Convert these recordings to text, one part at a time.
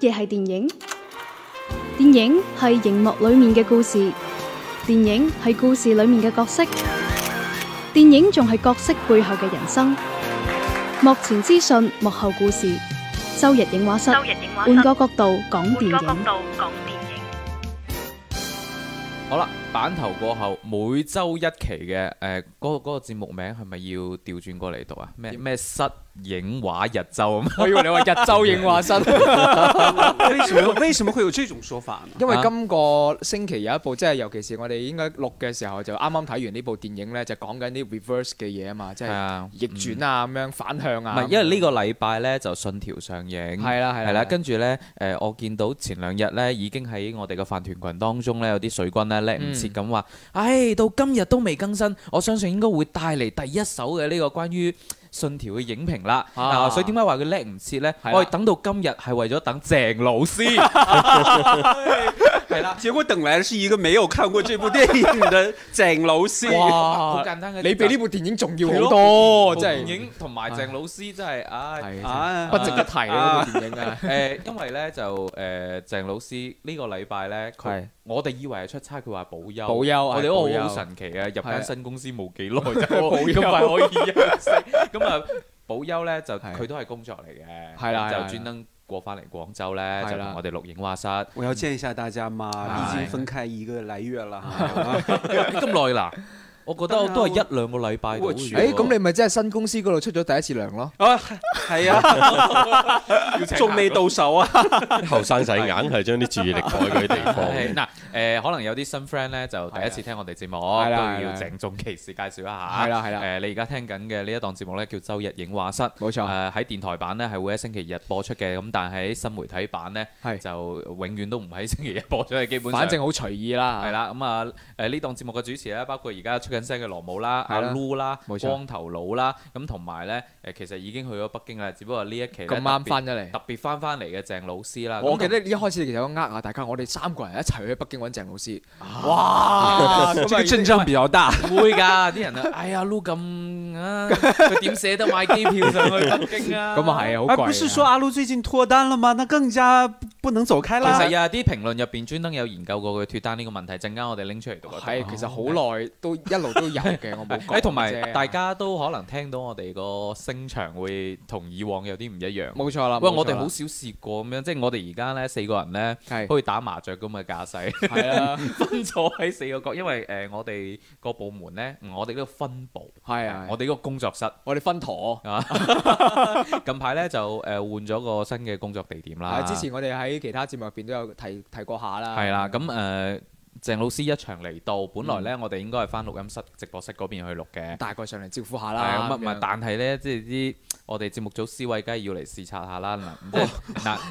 乜嘢係電影？電影係熒幕裏面嘅故事，電影係故事裏面嘅角色，電影仲係角色背後嘅人生。幕前資訊，幕後故事。周日影畫室，換個角度講電影。好啦。版頭過後，每周一期嘅誒，嗰、呃、嗰、嗰個節目名係咪要調轉過嚟讀啊？咩咩失影畫日周啊？我以為你日話日周影畫室，為什麼？佢有呢種說法？因為今個星期有一部，即係尤其是我哋應該錄嘅時候，就啱啱睇完呢部電影咧，就講緊啲 reverse 嘅嘢啊嘛，即係逆轉啊咁、嗯、樣反向啊。唔係，因為個呢個禮拜咧就信條上映。係啦係啦，了跟住咧誒，我見到前兩日咧已經喺我哋嘅飯團群當中咧有啲水軍咧拎。嗯咁話，誒、嗯哎、到今日都未更新，我相信應該會帶嚟第一首嘅呢個關於信條嘅影評啦，嗱，所以點解話佢叻唔切咧？我哋等到今日係為咗等鄭老師，係啦，結果等嚟係一個沒有看過這部電影嘅鄭老師。哇，好簡單嘅，你比呢部電影重要好多，即係。電影同埋鄭老師真係，唉，不值得提呢部電影啊。誒，因為咧就誒，鄭老師呢個禮拜咧，佢係我哋以為係出差，佢話保休，保休，我哋覺得好神奇啊！入間新公司冇幾耐就保休，咁快可以啊？咁嗯、保休呢，就佢都係工作嚟嘅。的就專登過翻嚟廣州呢，的就同我哋錄影畫室。我要見一下大家嘛，嗯、已經分開一個來月啦，咁耐啦。嗎 我覺得我都係一兩個禮拜，誒，咁你咪真係新公司嗰度出咗第一次糧咯？啊，係啊，仲未到手啊？後生仔硬係將啲注意力改嗰啲地方嘅。嗱，誒，可能有啲新 friend 咧，就第一次聽我哋節目，都係要鄭重其事介紹一下。係啦，係啦。誒，你而家聽緊嘅呢一檔節目咧，叫週日影畫室，冇錯。誒，喺電台版咧係會喺星期日播出嘅，咁但喺新媒體版咧就永遠都唔喺星期日播出嘅，基本。反正好隨意啦。係啦，咁啊，誒呢檔節目嘅主持咧，包括而家出。聲嘅羅姆啦，阿 Lu 啦，光頭佬啦，咁同埋咧，誒其實已經去咗北京啦，只不過呢一期啱咗嚟，特別翻翻嚟嘅鄭老師啦。我記得一開始其實我呃下大家，我哋三個人一齊去北京揾鄭老師。哇，競爭比較大，唔會㗎啲人啊，哎呀 Lu 咁啊，佢點捨得買機票上去北京 t 咁驚啊？咁啊係啊，好怪。不是說阿 Lu 最近脫單啦嘛，那更加不能走開啦。其實啊，啲評論入邊專登有研究過佢脫單呢個問題，陣間我哋拎出嚟讀。係，其實好耐都一。都有嘅，我冇，同埋大家都可能聽到我哋個聲場會同以往有啲唔一樣，冇錯啦。喂，我哋好少試過咁樣，即、就、係、是、我哋而家呢四個人呢，可以打麻雀咁嘅架勢，係啊， 分坐喺四個角，因為誒、呃、我哋個部門呢，我哋都分部，係啊是，我哋個工作室，我哋分舵啊。吧 近排呢，就誒換咗個新嘅工作地點啦、啊。之前我哋喺其他節目入邊都有提提過下啦。係啦、啊，咁誒。呃鄭老師一場嚟到，本來呢，我哋應該係翻錄音室、直播室嗰邊去錄嘅，大概上嚟招呼下啦。但係呢，即係啲我哋節目組市委梗係要嚟視察下啦。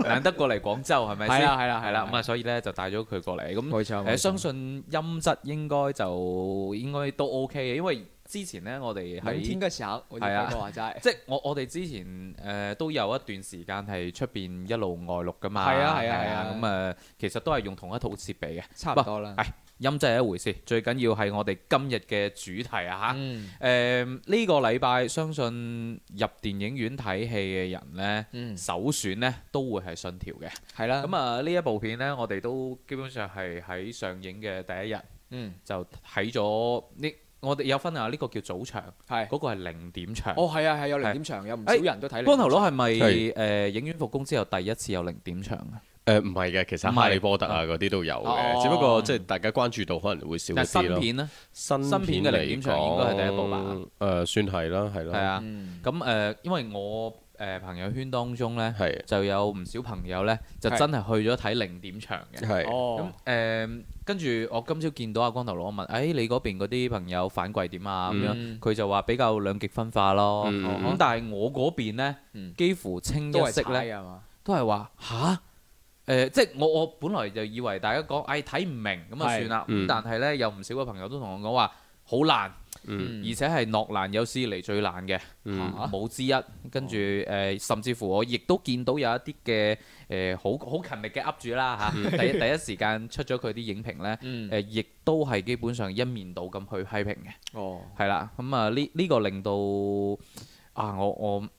難得過嚟廣州係咪先？係啦，係啦，係啦。咁啊，所以呢，就帶咗佢過嚟。咁冇錯。相信音質應該就應該都 OK 嘅，因為。之前呢，我哋喺陰天嘅時候，啊、我瞭解過係，即係我我哋之前誒、呃、都有一段時間係出邊一路外錄㗎嘛，係啊係啊，啊。咁啊、嗯，其實都係用同一套設備嘅，差唔多啦。係音質係一回事，最緊要係我哋今日嘅主題啊吓，誒呢、嗯呃呢個禮拜相信入電影院睇戲嘅人咧，嗯、首選咧都會係信條嘅，係啦、啊。咁啊呢一部片咧，我哋都基本上係喺上映嘅第一日，嗯，嗯就睇咗呢。我哋有分啊，呢個叫早場，係嗰的個係零點場。哦，係啊，係有零點場，的有唔少人都睇。光頭佬係咪誒影院復工之後第一次有零點場啊？誒唔係嘅，其實哈利波特啊嗰啲都有嘅，的只不過即係大家關注到可能會少啲咯。哦、新片咧，新片嘅零點場應該係第一部吧？誒、呃、算係啦，係啦。係啊、嗯，咁誒、呃，因為我。誒朋友圈當中咧的，就有唔少朋友呢，就真係去咗睇零點場嘅的。哦，咁誒跟住我今朝見到阿光頭佬問：誒、哎、你嗰邊嗰啲朋友反饋點啊？咁、嗯、樣佢就話比較兩極分化咯。咁、嗯哦哦、但係我嗰邊咧，嗯、幾乎清一色咧，都係話吓？誒、呃，即係我我本來就以為大家講誒睇唔明咁啊算啦。嗯、但係呢，有唔少嘅朋友都同我講話好難。嗯，而且係諾蘭有史以嚟最爛嘅冇、嗯、之一，啊、跟住誒、呃，甚至乎我亦都見到有一啲嘅誒，好、呃、好勤力嘅 up 主啦嚇，啊、 第一第一時間出咗佢啲影評咧，誒、 嗯，亦都係基本上一面倒咁去批評嘅。哦，係啦，咁啊呢呢個令到啊我我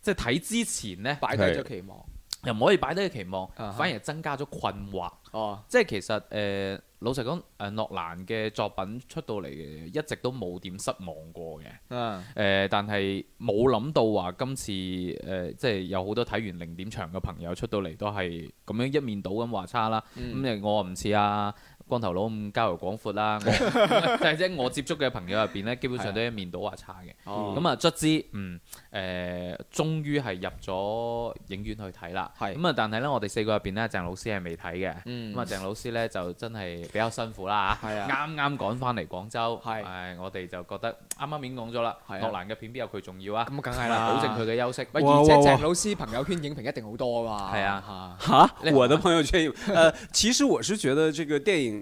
即係睇之前咧擺低咗期望。又唔可以擺低期望，反而增加咗困惑。哦、uh huh. 即係其實誒、呃、老實講，誒諾蘭嘅作品出到嚟一直都冇點失望過嘅。誒、uh huh. 呃，但係冇諗到話今次誒、呃，即係有好多睇完零點場嘅朋友出到嚟都係咁樣一面倒咁話差啦。咁誒、uh huh. 我唔似啊。光頭佬咁交遊廣闊啦，就係即係我接觸嘅朋友入邊咧，基本上都一面倒話差嘅。咁啊，卒之嗯誒，終於係入咗影院去睇啦。咁啊，但係咧，我哋四個入邊咧，鄭老師係未睇嘅。咁啊，鄭老師咧就真係比較辛苦啦嚇。啱啱趕翻嚟廣州，係我哋就覺得啱啱面講咗啦。諾蘭嘅片邊有佢重要啊？咁梗係啦，保證佢嘅休息。而且鄭老師朋友圈影評一定好多嘛。係啊嚇嚇，我的朋友圈，呃，其實我是覺得這個電影。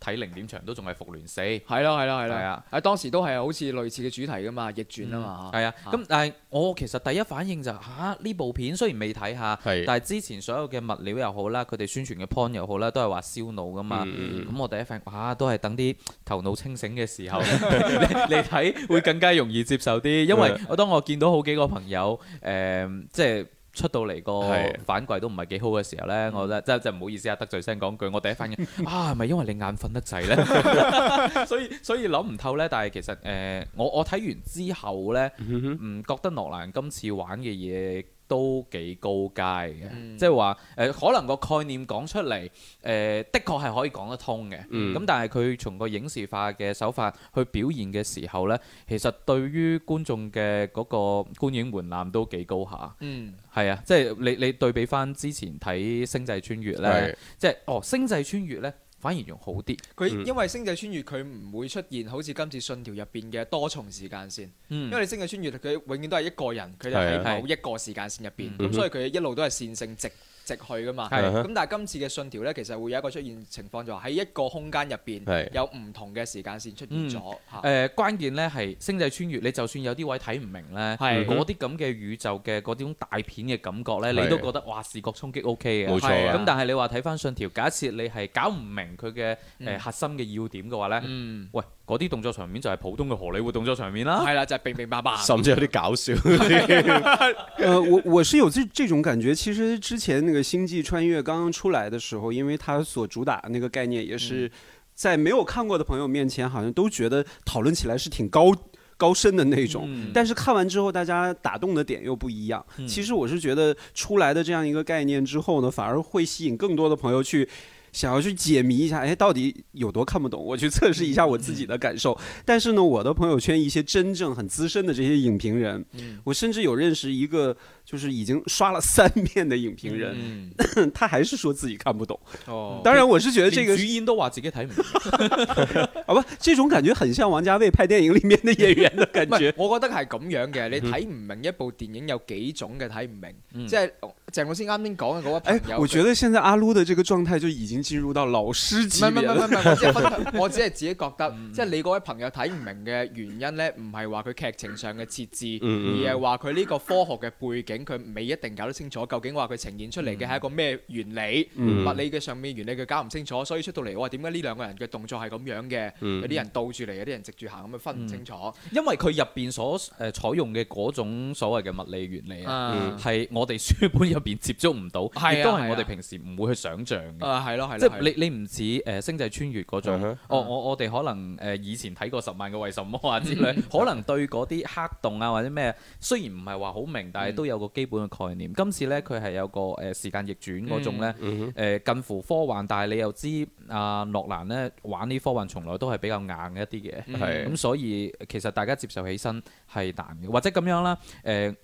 睇零點場都仲係復聯四，係咯係咯係啦，喺的當時都係好似類似嘅主題噶嘛，逆轉啊嘛，係、嗯、啊，咁但係我其實第一反應就吓、是，呢、啊、部片雖然未睇下，的但係之前所有嘅物料又好啦，佢哋宣傳嘅 point 又好啦，都係話燒腦噶嘛，咁、嗯、我第一反應，哇、啊，都係等啲頭腦清醒嘅時候你睇，會更加容易接受啲，因為我當我見到好幾個朋友誒、呃，即係。出到嚟個反饋都唔係幾好嘅時候呢，嗯、我真係真係唔好意思啊， 得罪聲講句，我第一反應 啊，係咪因為你眼瞓得滯呢？ 所以所以諗唔透呢。但係其實誒、呃，我我睇完之後呢，唔、嗯、哼覺得諾蘭今次玩嘅嘢，都幾高階嘅，即係話誒，可能個概念講出嚟誒、呃，的確係可以講得通嘅。咁、嗯、但係佢從個影視化嘅手法去表現嘅時候呢，其實對於觀眾嘅嗰個觀影門檻都幾高下。嗯，係啊，即係你你對比翻之前睇《星際穿越》呢，即係哦，《星際穿越》呢。反而仲好啲。佢、嗯、因為星際穿越佢唔會出現好似今次信條入邊嘅多重時間線，嗯、因為你星際穿越佢永遠都係一個人，佢就喺某一個時間線入邊，咁、嗯、所以佢一路都係線性直。食去噶嘛，咁但係今次嘅信條咧，其實會有一個出現情況，就係喺一個空間入邊有唔同嘅時間線出現咗嚇。誒關鍵咧係星際穿越，你就算有啲位睇唔明咧，嗰啲咁嘅宇宙嘅嗰種大片嘅感覺咧，你都覺得哇視覺衝擊 OK 嘅。冇錯啊。咁但係你話睇翻信條，假設你係搞唔明佢嘅誒核心嘅要點嘅話咧，嗯、喂。嗰啲動作場面就係普通嘅荷里活動作場面啦、啊，係啦，就係乒乒乓乓，甚至有啲搞笑， 、呃。我我是有這這種感覺。其實之前那個《星際穿越》剛剛出來的時候，因為它所主打的那個概念，也是在沒有看過的朋友面前，好像都覺得討論起來是挺高高深的那種。但是看完之後，大家打動的點又不一樣。其實我是覺得出來的這樣一個概念之後呢，反而會吸引更多的朋友去。想要去解謎一下，哎，到底有多看不懂？我去測試一下我自己的感受、嗯嗯。但是呢，我的朋友圈一些真正很資深的這些影評人、嗯，我甚至有認識一個，就是已經刷了三遍的影評人，嗯嗯、 他還是說自己看不懂、哦。當然我是覺得這個，連導演都話自己睇不明，好、 啊、不，這種感覺很像王家衛拍電影裏面的演員的感覺。 是我覺得係咁樣嘅，你睇唔明一部電影有幾種嘅睇唔明，即、嗯、係。就是鄭老師啱啱講嘅嗰位朋友誒，我覺得現在阿 Lu 的這個狀態，就已經進入到老師級。唔唔唔唔唔，我只係 自己覺得，即係、嗯、你嗰位朋友睇唔明嘅原因咧，唔係話佢劇情上嘅設置，嗯、而係話佢呢個科學嘅背景，佢未一定搞得清楚，究竟話佢呈現出嚟嘅係一個咩原理？嗯嗯、物理嘅上面原理佢搞唔清楚，所以出到嚟我話點解呢兩個人嘅動作係咁樣嘅、嗯？有啲人倒住嚟，有啲人直住行，咁啊分唔清楚。嗯嗯、因為佢入邊所誒採用嘅嗰種所謂嘅物理原理啊，係我哋書本入邊接觸唔到，亦都係我哋平時唔會去想象嘅。啊，係咯，係。即係你你唔似誒星際穿越嗰種，我我我哋可能誒以前睇過十萬個為什麼啊之類，可能對嗰啲黑洞啊或者咩，雖然唔係話好明，但係都有個基本嘅概念。今次呢，佢係有個誒時間逆轉嗰種咧，誒近乎科幻，但係你又知阿諾蘭呢，玩啲科幻，從來都係比較硬一啲嘅。咁所以其實大家接受起身係難嘅，或者咁樣啦，誒。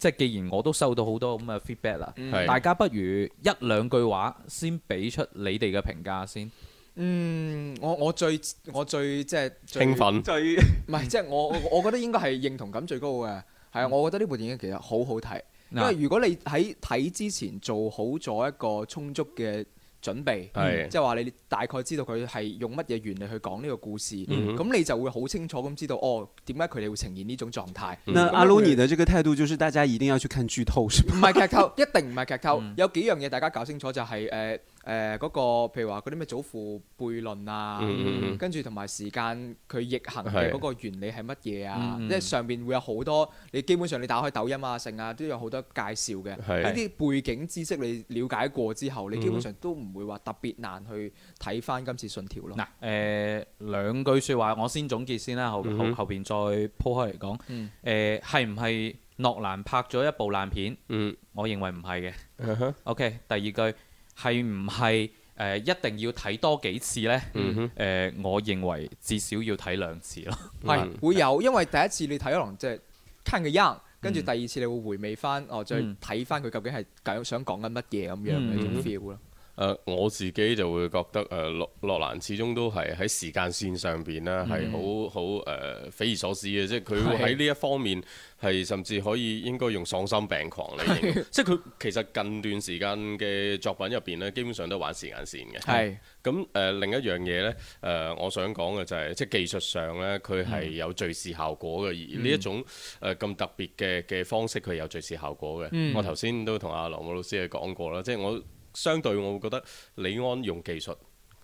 即係既然我都收到好多咁嘅 feedback 啦，嗯、大家不如一兩句話先俾出你哋嘅評價先。嗯，我我最我最即係興奮，最，唔係即係我我覺得應該係認同感最高嘅。係啊，嗯、我覺得呢部電影其實好好睇，因為如果你喺睇之前做好咗一個充足嘅。準備，即係話你大概知道佢係用乜嘢原理去講呢個故事，咁、嗯、哼你就會好清楚咁知道，哦點解佢哋會呈現呢種狀態。那阿 Lucy 的這個態度就是，大家一定要去看劇透，嗯、是吧不？唔係劇透， 一定唔係劇透。嗯、有幾樣嘢大家搞清楚就係、是、誒。呃誒嗰、呃那個，譬如話嗰啲咩祖父悖論啊，嗯嗯、跟住同埋時間佢逆行嘅嗰個原理係乜嘢啊？嗯嗯、即係上面會有好多，你基本上你打開抖音啊、盛啊，都有好多介紹嘅呢啲背景知識。你了解過之後，你基本上都唔會話特別難去睇翻今次信條咯。嗱、呃，誒兩句説話，我先總結先啦，後、嗯、後後面再鋪開嚟講。誒係唔係諾蘭拍咗一部爛片？嗯，我認為唔係嘅。 OK，第二句。係唔係誒一定要睇多幾次咧？誒、mm hmm. 呃，我認為至少要睇兩次咯、mm。係、hmm. 會有，因為第一次你睇可能即係看嘅、就是、樣，跟住第二次你會回味翻，mm hmm. 哦，再睇翻佢究竟係講想講緊乜嘢咁樣嘅一種 feel 咯。Mm hmm. 誒我自己就會覺得誒諾諾蘭始終都係喺時間線上邊啦，係好好誒匪夷所思嘅，即係佢喺呢一方面係是的 甚至可以應該用喪心病狂嚟形容，是的 即係佢其實近段時間嘅作品入邊咧，基本上都玩時間線嘅。係咁誒另一樣嘢咧，誒、呃、我想講嘅就係、是、即係技術上咧，佢係有敘事效果嘅，嗯、而呢一種誒咁、呃、特別嘅嘅方式，佢有敘事效果嘅。嗯嗯、我頭先都同阿羅姆老師係講過啦，即、就、係、是、我。相對我會覺得李安用技術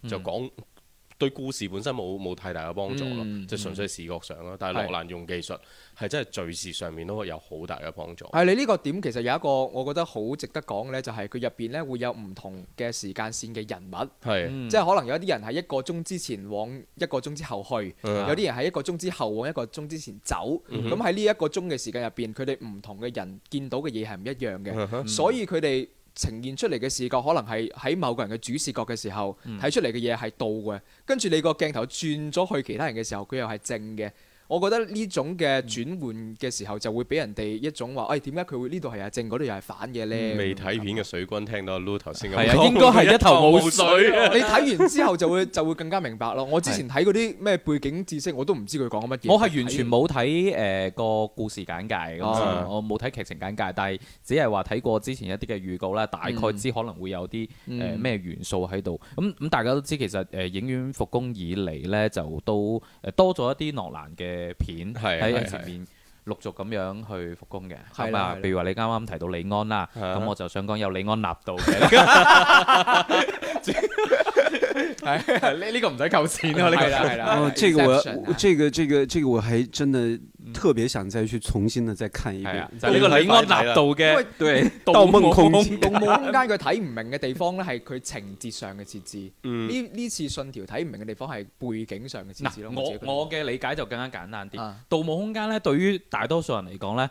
就講對故事本身冇冇太大嘅幫助咯，即純粹視覺上咯。但係諾蘭用技術係真係敘事上面都有好大嘅幫助。係你呢個點其實有一個我覺得好值得講嘅咧，就係佢入邊咧會有唔同嘅時間線嘅人物，係即係可能有一啲人喺一個鐘之前往一個鐘之後去，有啲人喺一個鐘之後往一個鐘之前走。咁喺呢一個鐘嘅時間入邊，佢哋唔同嘅人見到嘅嘢係唔一樣嘅，所以佢哋。呈現出嚟嘅視覺可能係喺某個人嘅主視角嘅時候，睇出嚟嘅嘢係倒嘅，嗯、跟住你個鏡頭轉咗去其他人嘅時候，佢又係正嘅。我覺得呢種嘅轉換嘅時候，就會俾人哋一種話，誒點解佢會呢度係正，嗰度又係反嘅咧？未睇片嘅水軍聽到阿 Loo 頭先係應該係一頭霧水、啊。 你睇完之後就會就會更加明白咯。我之前睇嗰啲咩背景知識，我都唔知佢講乜嘢。 我係完全冇睇誒個故事簡介咁，啊啊、我冇睇劇情簡介，但係只係話睇過之前一啲嘅預告啦，大概知可能會有啲誒咩元素喺度。咁咁、嗯嗯嗯、大家都知，其實誒影院復工以嚟咧，就都誒多咗一啲諾蘭嘅嘅片喺前面陸續咁樣去復工嘅，係嘛？譬如話你啱啱提到李安啦，咁的我就想講有李安納導嘅。係，呢呢個唔使扣錢咯，呢個係啦、哦，這個我，這個這個呢個我還真的特別想再去重新的再看一遍。呢個李安納度嘅《盜夢空間》，《盜夢空間》佢睇唔明嘅地方咧，係佢情節上嘅設置。嗯，呢呢次信條睇唔明嘅地方係背景上嘅設置咯。我我嘅理解就更加簡單啲，《盜夢空間》咧對於大多數人嚟講咧，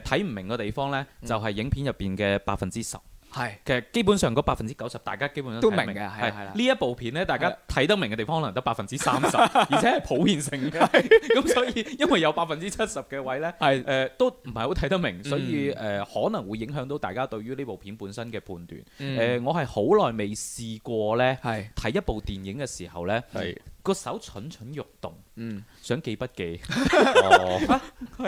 誒睇唔明嘅地方咧就係影片入邊嘅百分之十。係，其實基本上嗰百分之九十，大家基本上都都明嘅，係係啦。呢的的一部片咧，大家睇得明嘅地方可能得百分之三十， 而且係普遍性嘅。咁 所以，因為有百分之七十嘅位咧，係誒的、呃、都唔係好睇得明，嗯、所以誒、呃、可能會影響到大家對於呢部片本身嘅判斷。誒、嗯呃，我係好耐未試過咧，係睇的一部電影嘅時候咧，係個的手蠢蠢欲動。嗯，想記筆記，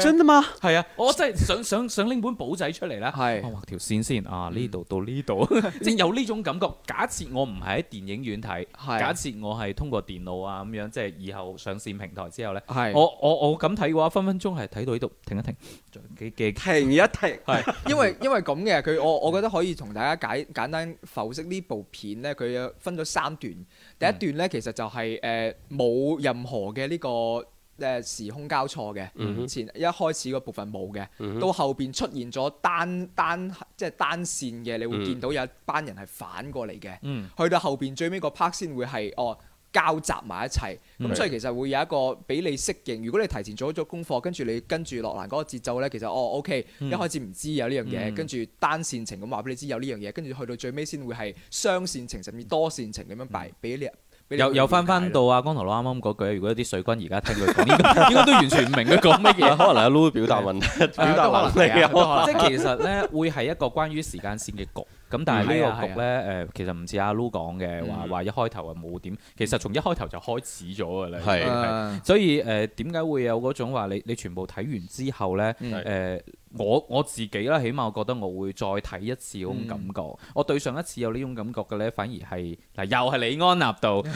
真㗎嘛？係啊，我真係想想想拎本簿仔出嚟啦。係，畫條線先啊，呢度到呢度，即係有呢種感覺。假設我唔係喺電影院睇，假設我係通過電腦啊咁樣，即係以後上線平台之後咧，我我我咁睇嘅話，分分鐘係睇到呢度。停一停，幾幾停一停。係，因為因為咁嘅，佢我我覺得可以同大家解簡單剖析呢部片咧，佢有分咗三段。第一段咧，其實就係誒冇任何嘅呢。呢個誒時空交錯嘅，mm hmm. 前一開始個部分冇嘅，mm hmm. 到後邊出現咗單單即係單線嘅，你會見到有一班人係反過嚟嘅，mm hmm. 去到後邊最尾個 part 先會係哦交集埋一齊，咁、mm hmm. 所以其實會有一個俾你適應。如果你提前做咗功課，跟住你跟住諾蘭嗰個節奏呢，其實哦 OK，一開始唔知有呢樣嘢，跟住單線程咁話俾你知有呢樣嘢，跟住去到最尾先會係雙線程甚至多線程咁樣擺俾你。Mm hmm. 又又翻翻到阿光頭佬啱啱嗰句，如果有啲水軍而家聽佢講，應該應該都完全唔明佢講乜嘢。 可能阿 Lu 表達問題，表達問題。即係其實咧，會係一個關於時間線嘅局。咁但係呢個局咧，誒、嗯啊啊，其實唔似阿 Lu 講嘅話，話一開頭啊冇點。其實從一開頭就開始咗嘅咧。係、嗯、所以誒，點、呃、解會有嗰種話？你你全部睇完之後咧，誒、呃。嗯我我自己啦，起碼我覺得我會再睇一次嗰種感覺。嗯、我對上一次有呢種感覺嘅呢，反而係又係李安納度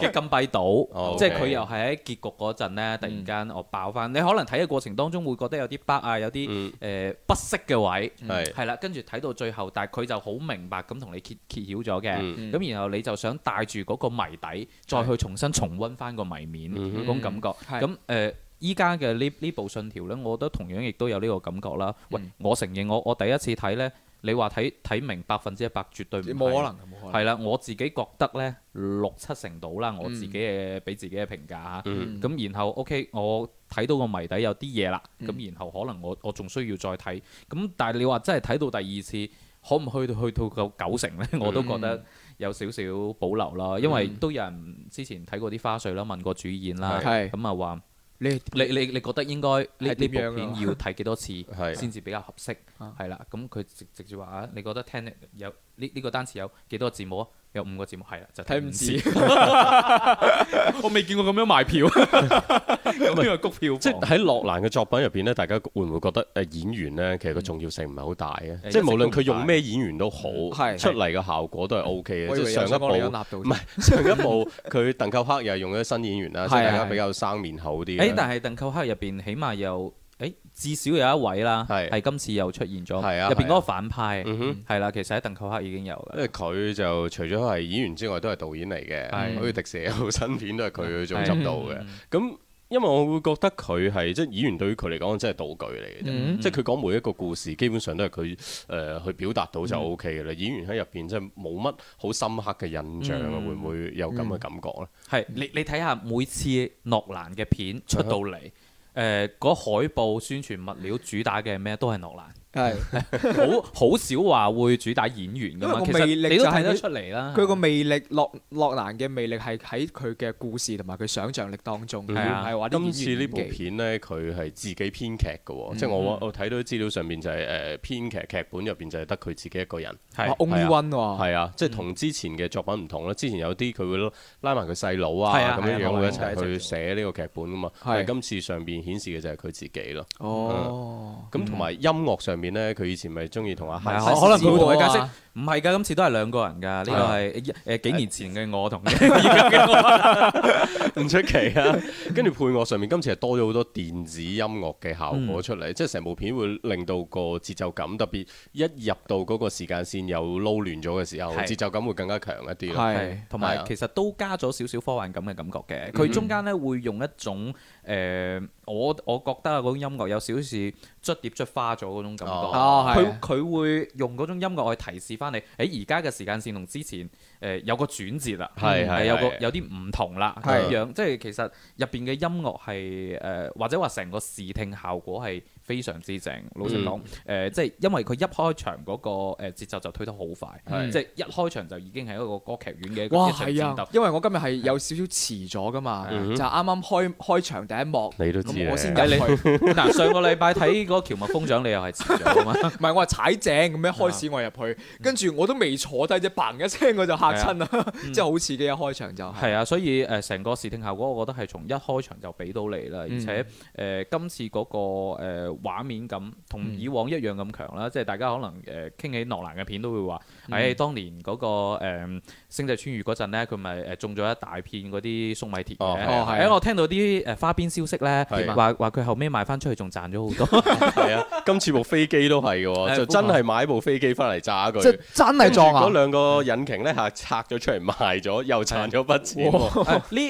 嘅禁閉島，哦，okay、即係佢又係喺結局嗰陣咧，突然間我爆翻。你可能睇嘅過程當中會覺得有啲北啊，有啲誒不適嘅位，係啦，跟住睇到最後，但係佢就好明白咁同你揭揭曉咗嘅，咁、嗯嗯、然後你就想帶住嗰個謎底再去重新重温翻個謎面嗰種感覺。咁誒、嗯嗯嗯。依家嘅呢呢部信條呢，我覺得同樣亦都有呢個感覺啦。喂，我承認我我第一次睇呢，你話睇睇明百分之一百絕對冇可能係啦。我自己覺得呢，六七成到啦，我自己嘅俾、嗯、自己嘅評價咁、嗯、然後 OK，我睇到個謎底有啲嘢啦。咁然後可能我我仲需要再睇咁，但係你話真係睇到第二次可唔可以去到九成呢？我都覺得有少少保留啦，嗯、因為都有人之前睇過啲花絮啦，問過主演啦，咁啊話。你你你你覺得應該呢呢部片要睇幾多次先至比較合適？係啦，咁佢直直接話啊，你覺得聽有呢呢個單詞有幾多個字母啊？有五個節目係啦，就睇唔似。我未見過咁樣賣票，邊個谷票房？即係喺諾蘭嘅作品入邊咧，大家會唔會覺得誒演員咧，其實個重要性唔係好大嘅？即係無論佢用咩演員都好，出嚟嘅效果都係 O K 嘅。即上一部，唔係上一部，佢《鄧寇克》又係用咗新演員啦，即係大家比較生面口啲。誒，但係《鄧寇克》入邊起碼有。誒，至少有一位啦，係今次又出現咗入邊嗰個反派，係啦，其實喺《鄧寇克》已經有嘅。因為佢就除咗係演員之外，都係導演嚟嘅，好似迪士尼有新片都係佢做執導嘅。咁因為我會覺得佢係即係演員對於佢嚟講真係道具嚟嘅，即係佢講每一個故事基本上都係佢誒去表達到就 O K 嘅啦。演員喺入邊真係冇乜好深刻嘅印象啊？會唔會有咁嘅感覺咧？係你你睇下每次諾蘭嘅片出到嚟。誒、嗰、呃、海報宣傳物料主打嘅咩都係諾蘭。係，好好少話會主打演員噶嘛，其實你都睇得出嚟啦。佢個魅力諾諾蘭嘅魅力係喺佢嘅故事同埋佢想象力當中，係啊。今次呢部片咧，佢係自己編劇噶，即係我我睇到資料上邊就係誒編劇劇本入邊就係得佢自己一個人。係啊，係啊，係啊，即係同之前嘅作品唔同啦。之前有啲佢會拉埋佢細佬啊咁樣樣一齊去寫呢個劇本噶嘛。今次上邊顯示嘅就係佢自己咯。咁同埋音樂上面咧，佢以前咪中意同阿夏，可能佢會同佢解釋。唔係噶，今次都係兩個人噶，呢個係誒幾年前嘅我同而家嘅我，唔出奇啊！跟住配樂上面，今次係多咗好多電子音樂嘅效果出嚟，嗯、即係成部片會令到個節奏感特別一入到嗰個時間線有撈亂咗嘅時候，是節奏感會更加強一啲。係，同埋其實都加咗少少科幻感嘅感覺嘅。佢中間咧會用一種誒、呃，我我覺得嗰種音樂有少少捽碟捽花咗嗰種感覺。佢佢、哦哦、會用嗰種音樂去提示。翻嚟喺而家嘅時間線同之前。誒有個轉折啦，係係有個有啲唔同啦，係樣即係其實入邊嘅音樂係誒，或者話成個視聽效果係非常之正。老實講，誒即係因為佢一開場嗰個誒節奏就推得好快，即係一開場就已經係一個歌劇院嘅哇係啊！因為我今日係有少少遲咗㗎嘛，就啱啱開開場第一幕，我先知嘅。嗱，上個禮拜睇嗰個《蕎麥瘋長》，你又係遲咗啊嘛？唔係，我話踩正咁樣開始我入去，跟住我都未坐低啫，砰一聲我就嚇真啊，嗯、 即係好刺激！一開場就係啊，所以誒，成、呃、個視聽效果，我覺得係從一開場就俾到你啦。嗯、而且誒、呃，今次嗰、那個誒畫、呃、面感同以往一樣咁強啦。嗯、即係大家可能誒，傾、呃、起諾蘭嘅片都會話，誒、嗯哎、當年嗰、那個誒。呃星際穿越嗰陣咧，佢咪誒種咗一大片嗰啲粟米田嘅。誒，我聽到啲誒花邊消息咧，話話佢後尾賣翻出去仲賺咗好多。係啊，今次部飛機都係嘅，就真係買部飛機翻嚟炸佢。即真係撞啊！嗰兩個引擎咧係拆咗出嚟賣咗，又賺咗筆錢。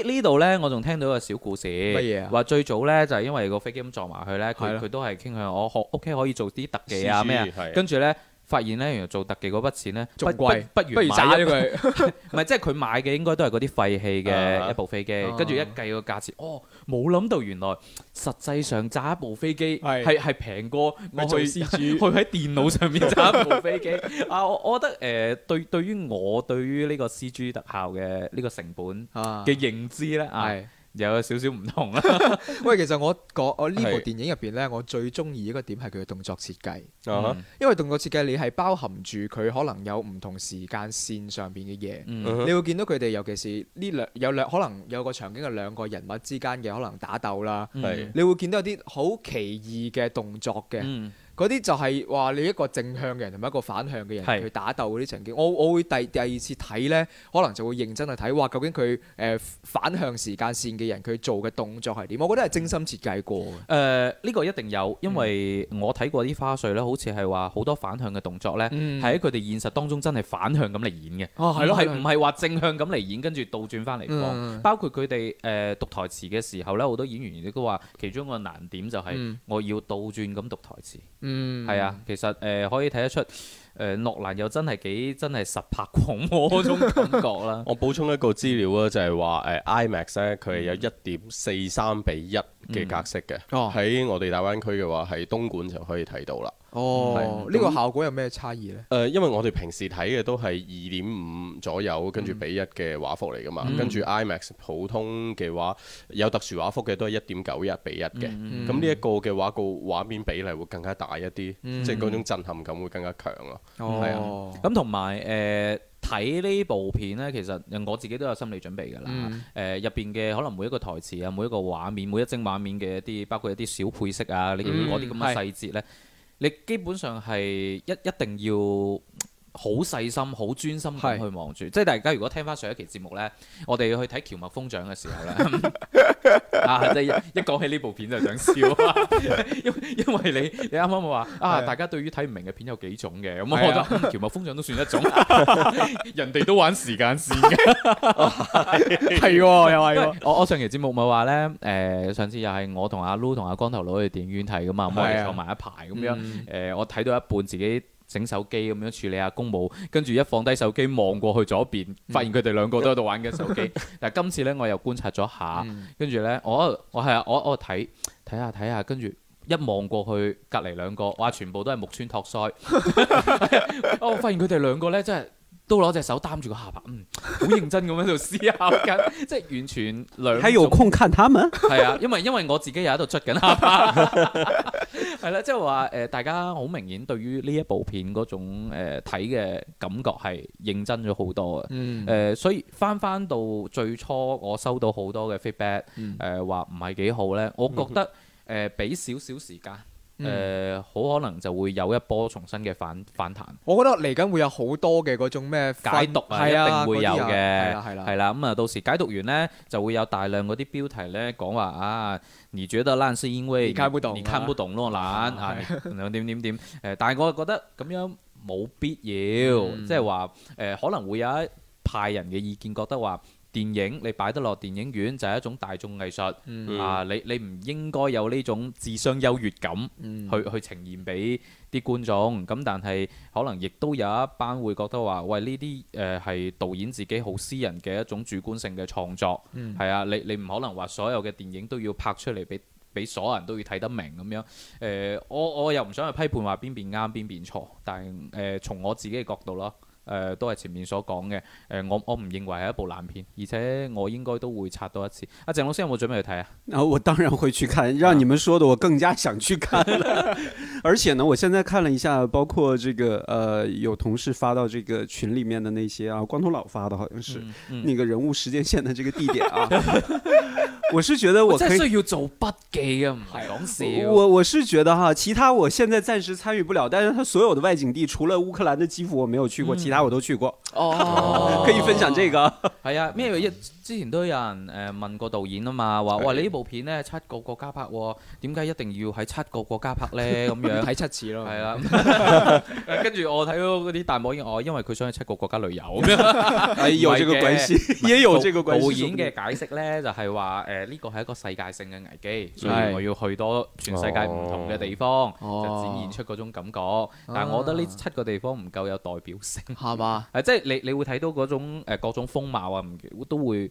呢呢度咧，我仲聽到個小故事。乜嘢啊？話最早咧就係因為個飛機咁撞埋去咧，佢佢都係傾向我學，OK 可以做啲特技啊咩，跟住咧。發現咧，原來做特技嗰筆錢咧仲貴，不不如不如炸咗佢。唔係， 即係佢買嘅應該都係嗰啲廢棄嘅一部飛機，跟住、啊、一計個價錢，啊、哦，冇諗到原來實際上炸一部飛機係係平過我去 G, 去去喺電腦上面炸一部飛機。啊， 我覺得誒、呃、對對於我對於呢個 CG 特效嘅呢、呢個成本嘅認知咧啊。有少少唔同啦。 喂，其實我、呢個、我呢部電影入邊呢，是我最中意一個點係佢嘅動作設計。Uh huh. 因為動作設計你係包含住佢可能有唔同時間線上邊嘅嘢。Uh huh. 你會見到佢哋，尤其是呢兩有兩可能有個場景係兩個人物之間嘅可能打鬥啦。Uh huh. 你會見到有啲好奇異嘅動作嘅。嗰啲就係話你一個正向嘅人同埋一個反向嘅人去打鬥嗰啲情景，我我會第第二次睇呢，可能就會認真去睇，哇！究竟佢誒反向時間線嘅人佢做嘅動作係點？我覺得係精心設計過嘅、嗯呃。呢、呢個一定有，因為我睇過啲花絮咧，好似係話好多反向嘅動作呢係喺佢哋現實當中真係反向咁嚟演嘅。哦，係咯，係唔係話正向咁嚟演，跟住倒轉翻嚟講？包括佢哋誒讀台詞嘅時候呢，好多演員亦都話其中一個難點就係我要倒轉咁讀台詞。嗯，係啊，其實誒、呃，可以睇得出誒，諾、呃、蘭又真係幾真係實拍狂魔嗰種感覺啦。 我補充一個資料啊，就係話誒，IMAX 咧，佢、呃、係有一點四三比一嘅格式嘅，哦、嗯，喺我哋大灣區嘅話，喺東莞就可以睇到啦。嗯嗯哦，呢個效果有咩差異呢？誒，因為我哋平時睇嘅都係二點五左右，跟住比一嘅畫幅嚟噶嘛。跟住 IMAX 普通嘅話，有特殊畫幅嘅都係一點九一比一嘅。咁呢一個嘅話，個畫面比例會更加大一啲，即係嗰種震撼感會更加強咯。係啊，咁同埋誒睇呢部片呢，其實我自己都有心理準備㗎啦。誒入邊嘅可能每一個台詞啊，每一個畫面，每一幀畫面嘅一啲，包括一啲小配飾啊，你嗰啲咁嘅細節呢。你基本上係一一定要，好細心、好專心咁去望住，即係大家如果聽翻上一期節目呢，我哋去睇《蕎麥瘋長》嘅時候呢，啊，即係一講起呢部片就想笑，因因為你你啱啱話啊，大家對於睇唔明嘅片有幾種嘅，咁我覺得《蕎麥瘋長》都算一種，人哋都玩時間線嘅，係又係，我我上期節目咪話呢，誒，上次又係我同阿 Lu 同阿光頭佬去電影院睇噶嘛，我哋坐埋一排咁樣，誒，我睇到一半自己，整手機咁樣處理下公務，跟住一放低手機望過去左邊，發現佢哋兩個都喺度玩緊手機。 但係今次呢，我又觀察咗下，跟住呢，我我係我我睇睇下睇下，跟住一望過去隔離兩個，哇！全部都係木村拓哉。 我發現佢哋兩個呢，真係～都攞隻手擔住個下巴，嗯，好認真咁喺度思考緊， 即係完全兩。喺有空看他們？係 啊，因為因為我自己又喺度捽緊下巴，係 啦，即係話誒，大家好明顯對於呢一部片嗰種睇嘅、呃、感覺係認真咗好多嘅。嗯誒、呃，所以翻翻到最初我收到多 back,、呃、好多嘅 feedback，誒話唔係幾好咧，我覺得誒俾、呃、少少時間。誒，好、嗯呃、可能就會有一波重新嘅反反彈。我覺得嚟緊會有好多嘅嗰種咩解讀啊，一定會、啊、有嘅係啦，係啦、啊，係啦。咁啊、嗯，到時解讀完咧，就會有大量嗰啲標題咧講話啊，你覺得爛係因為你，你看不懂咯爛啊，點點點誒。但係我覺得咁樣冇必要，即係話誒，可能會有一派人嘅意見覺得話。電影你擺得落電影院就係、是、一種大眾藝術、嗯、啊！你你唔應該有呢種智商優越感去、嗯、去呈現俾啲觀眾。咁但係可能亦都有一班會覺得話：喂，呢啲誒係導演自己好私人嘅一種主觀性嘅創作，係、嗯、啊！你你唔可能話所有嘅電影都要拍出嚟俾俾所有人都要睇得明咁樣。誒、呃，我我又唔想去批判話邊邊啱邊邊錯，但係誒、呃、從我自己嘅角度咯。誒、呃，都係前面所講嘅。誒、呃，我我唔認為係一部爛片，而且我應該都會刷多一次。阿鄭老師有冇準備去睇啊？啊，我當然會去看。讓你們說的，我更加想去看 而且呢，我現在看了一下，包括這個，誒、呃，有同事發到這個群裡面的那些啊，光頭佬發的好像是那、嗯嗯、個人物時間線的這個地點啊。 我是覺得我，可以我真需要做筆記啊，唔係講笑。我我是覺得哈，其他我現在暫時參與不了。但是，他所有的外景地，除了烏克蘭的基輔，我沒有去過， 其他。我都去過哦，可以分享這個係啊。咩？一之前都有人誒問過導演啊嘛，話：哇，你呢部片咧七個國家拍喎，點解一定要喺七個國家拍咧？咁樣睇七次咯，係啊，跟住我睇到嗰啲大魔影，我因為佢想去七個國家旅遊，係有這個鬼事，亦有這個鬼事。導演嘅解釋咧就係話：誒呢個係一個世界性嘅危機，所以我要去多全世界唔同嘅地方，就展現出嗰種感覺。但係我覺得呢七個地方唔夠有代表性。係嘛？誒、嗯，即係你，你會睇到嗰種誒、呃、各種風貌啊，都都會。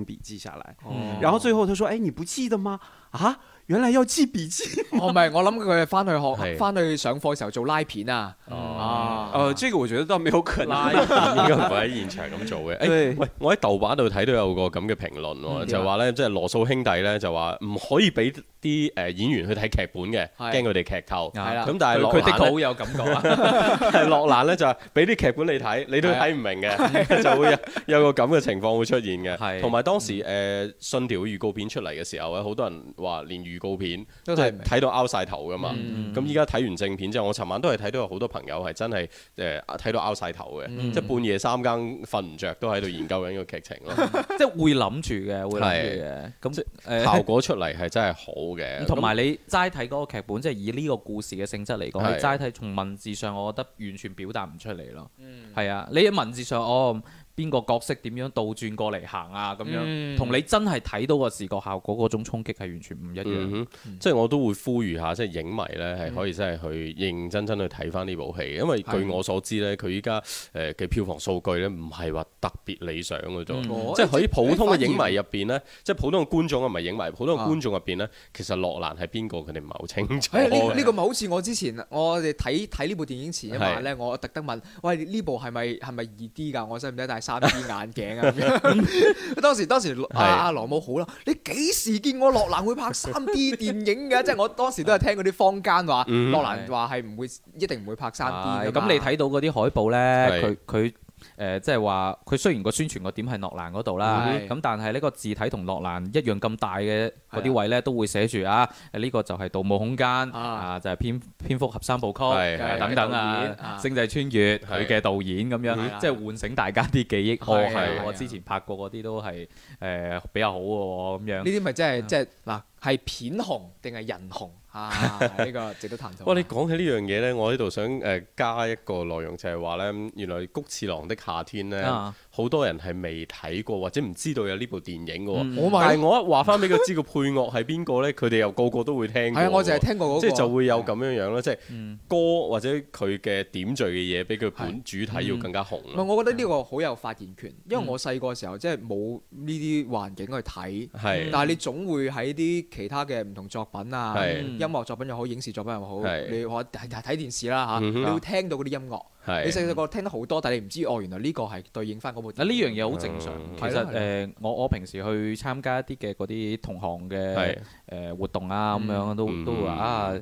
筆記下來，嗯、然後最後他說：哎，你不記得嗎？啊？原來有支筆記？我唔係，我諗佢係翻去學，翻去上課嘅時候做拉片啊。哦，誒，呢個我覺得都冇可能，應該唔會喺現場咁做嘅。誒，喂，我喺豆瓣度睇都有個咁嘅評論喎，就話咧，即係羅素兄弟咧就話唔可以俾啲誒演員去睇劇本嘅，驚佢哋劇透。係啦。咁但係，佢的確好有感覺。係，諾蘭咧就係俾啲劇本你睇，你都睇唔明嘅，就會有個咁嘅情況會出現嘅。同埋當時誒信條預告片出嚟嘅時候咧，好多人話連預告片都係睇到拗晒頭噶嘛。咁依家睇完正片之後，我尋晚都係睇到有好多朋友係真係誒睇到拗晒頭嘅，嗯、即係半夜三更瞓唔着都喺度研究緊個劇情咯、 嗯，即係會諗住嘅，會諗住嘅，咁效果出嚟係真係好嘅，同埋 你齋睇嗰個劇本，即係以呢個故事嘅性質嚟講，齋睇從文字上，我覺得完全表達唔出嚟咯，係啊、嗯，你喺文字上我。哦邊個角色點樣倒轉過嚟行啊？咁樣同你真係睇到個視覺效果嗰種衝擊係完全唔一樣。即係我都會呼籲下，即係影迷咧係可以真係去認真真去睇翻呢部戲。因為據我所知咧，佢依家誒嘅票房數據咧唔係話特別理想嘅啫。即係喺普通嘅影迷入邊咧，即係普通嘅觀眾啊，唔係影迷，普通嘅觀眾入邊咧，其實諾蘭係邊個佢哋唔係好清楚。呢個咪好似我之前我哋睇睇呢部電影前一晚咧，我特登問：喂，呢部係咪係咪二 D 㗎？我使唔使但三 D 眼鏡啊！ 當時當時阿、啊、羅姆好啦、啊，你幾時見我諾蘭會拍三 D 電影嘅？即係 我當時都係聽嗰啲坊間話，諾蘭話係唔會，一定唔會拍三 D。咁你睇到嗰啲海報咧，佢佢 的。誒，即係話佢雖然個宣傳個點係諾蘭嗰度啦，咁但係呢個字體同諾蘭一樣咁大嘅嗰啲位咧，都會寫住啊，呢個就係《盜夢空間》，啊就係《蝙蝙蝠俠三部曲》等等啊，《星際穿越》佢嘅導演咁樣，即係喚醒大家啲記憶。哦，係，我之前拍過嗰啲都係誒比較好喎咁樣。呢啲咪即係即係嗱，係片紅定係人紅？啊！呢，這個值得談談。哇！你講起呢樣嘢呢，我喺度想誒，呃、加一個內容，就係話呢，原來菊次郎的夏天呢。嗯好多人係未睇過或者唔知道有呢部電影嘅喎，但係我一話翻俾佢知個配樂係邊個呢？佢哋又個個都會聽。係，我淨係聽過嗰個即係就會有咁樣樣啦，即係歌或者佢嘅點綴嘅嘢，比佢本主題要更加紅。我覺得呢個好有發言權，因為我細個時候即係冇呢啲環境去睇，但係你總會喺啲其他嘅唔同作品啊、音樂作品又好、影視作品又好，你話睇睇電視啦吓，你會聽到嗰啲音樂。你細細個聽得好多，但係你唔知哦，原來呢個係對應翻嗰部。嗱呢樣嘢好正常。其實誒，我我平時去參加一啲嘅嗰啲同行嘅誒活動啊，咁樣都都話啊，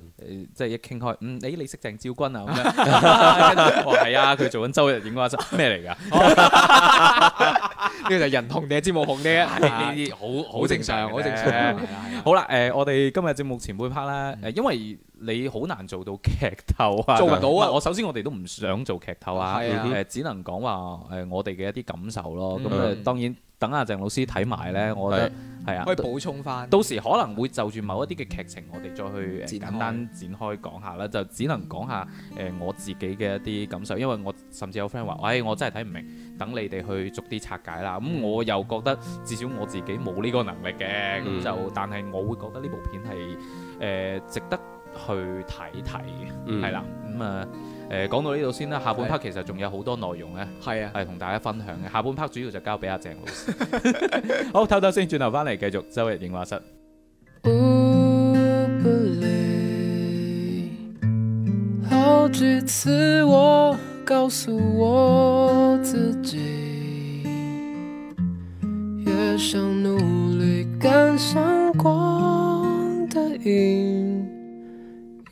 即係一傾開，嗯，誒你識鄭照君啊？跟住話係啊，佢做緊周日影嗰集咩嚟㗎？呢個就人紅定係節目紅呢啲好好正常，好正常。好啦，誒我哋今日節目前半 part 咧，誒因為你好難做到劇透啊，做唔到啊。我首先我哋都唔想。做劇透啊，誒只能講話誒我哋嘅一啲感受咯。咁誒當然等阿鄭老師睇埋呢，我覺得係啊，可以補充翻。到時可能會就住某一啲嘅劇情，我哋再去簡單展開講下啦。就只能講下誒我自己嘅一啲感受，因為我甚至有 friend 話，哎，我真係睇唔明，等你哋去逐啲拆解啦。咁我又覺得至少我自己冇呢個能力嘅，咁就但係我會覺得呢部片係誒值得去睇睇嘅，係啦，咁啊。誒、呃、講到呢度先啦，下半 part 其實仲有好多內容、啊、呢，係啊，係同大家分享嘅。下半 part 主要就交俾阿鄭老師。 好，偷偷先轉頭翻嚟，繼續周日影畫室。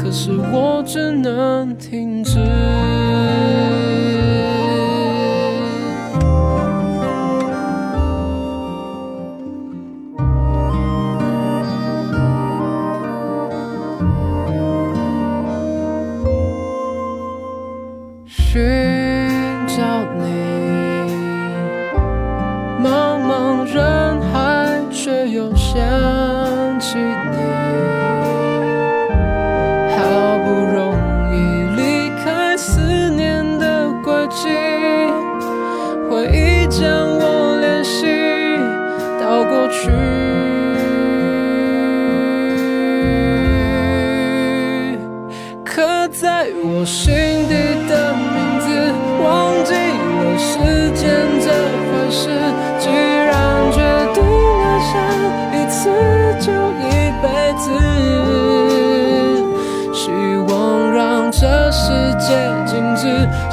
可是我只能聽。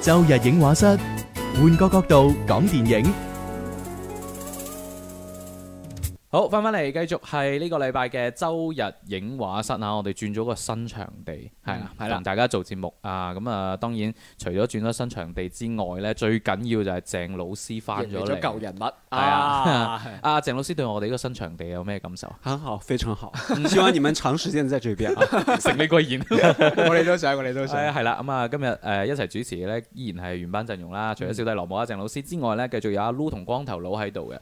周日影畫室，換個角度講電影。好，翻翻嚟，繼續係呢個禮拜嘅周日影畫室啊！我哋轉咗個新場地，係啦，係啦，同大家做節目啊！咁啊，當然除咗轉咗新場地之外咧，最緊要就係鄭老師翻咗嚟，換咗舊人物，係啊！阿鄭老師對我哋呢個新場地有咩感受？很好，非常好。希望你們長時間在這邊啊，成呢個演，我哋都想，我哋都想。係啦，咁啊，今日誒一齊主持咧，依然係原班陣容啦。除咗小弟羅某阿鄭老師之外咧，繼續有阿 Lu 同光頭佬喺度嘅。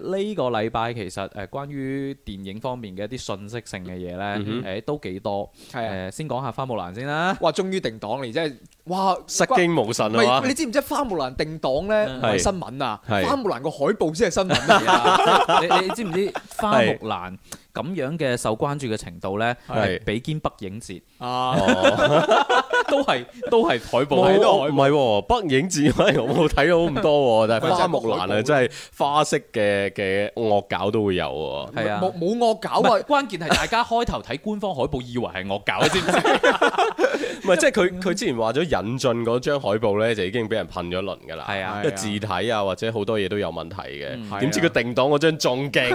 誒，呢個禮拜其其實誒，關於電影方面嘅一啲信息性嘅嘢咧，誒、嗯哼欸、都幾多。誒的、呃，先講下花木蘭先啦。哇，終於定檔嚟，真係哇，失驚無神知知啊！唔係，你知唔知花木蘭定檔咧唔係新聞啊？花木蘭個海報先係新聞啊！你你知唔知花木蘭？咁樣嘅受關注嘅程度咧，係比肩北影節啊！都係都係海報唔係北影節，我冇睇到咁多，但係花木蘭啊，真係花式嘅嘅惡搞都會有喎。係啊，冇惡搞啊，關鍵係大家開頭睇官方海報，以為係惡搞，先唔知？即係佢佢之前話咗引進嗰張海報咧，就已經俾人噴咗輪㗎啦。係啊，字體啊，或者好多嘢都有問題嘅。點知佢定檔嗰張仲勁？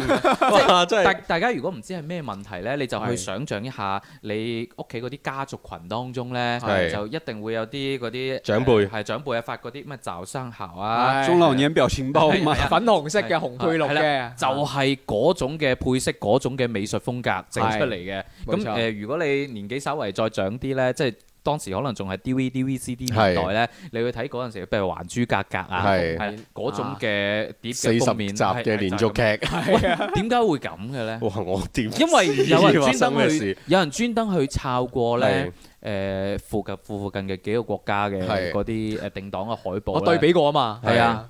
即係，但係大家如果。唔知係咩問題呢？你就去想像一下，你屋企嗰啲家族群當中呢，是就一定會有啲嗰啲長輩，係、呃、長輩啊，發嗰啲咩早晨好啊，中老年表情包，的粉紅色嘅、的紅配綠嘅，就係、是、嗰種嘅配色、嗰種嘅美術風格整出嚟嘅。咁誒，如果你年紀稍為再長啲呢，即係。當時可能仲係 D V D V C D 年代咧，是你去睇嗰陣時，譬如《還珠格格》啊，嗰是種嘅碟四十面集嘅連續劇，點解、就是啊、會咁嘅咧？哇！我點因為有人專登去，有人專登去抄過咧。誒是、呃，附近附近嘅幾個國家嘅嗰啲誒定檔嘅海報，我對比過啊嘛，係啊。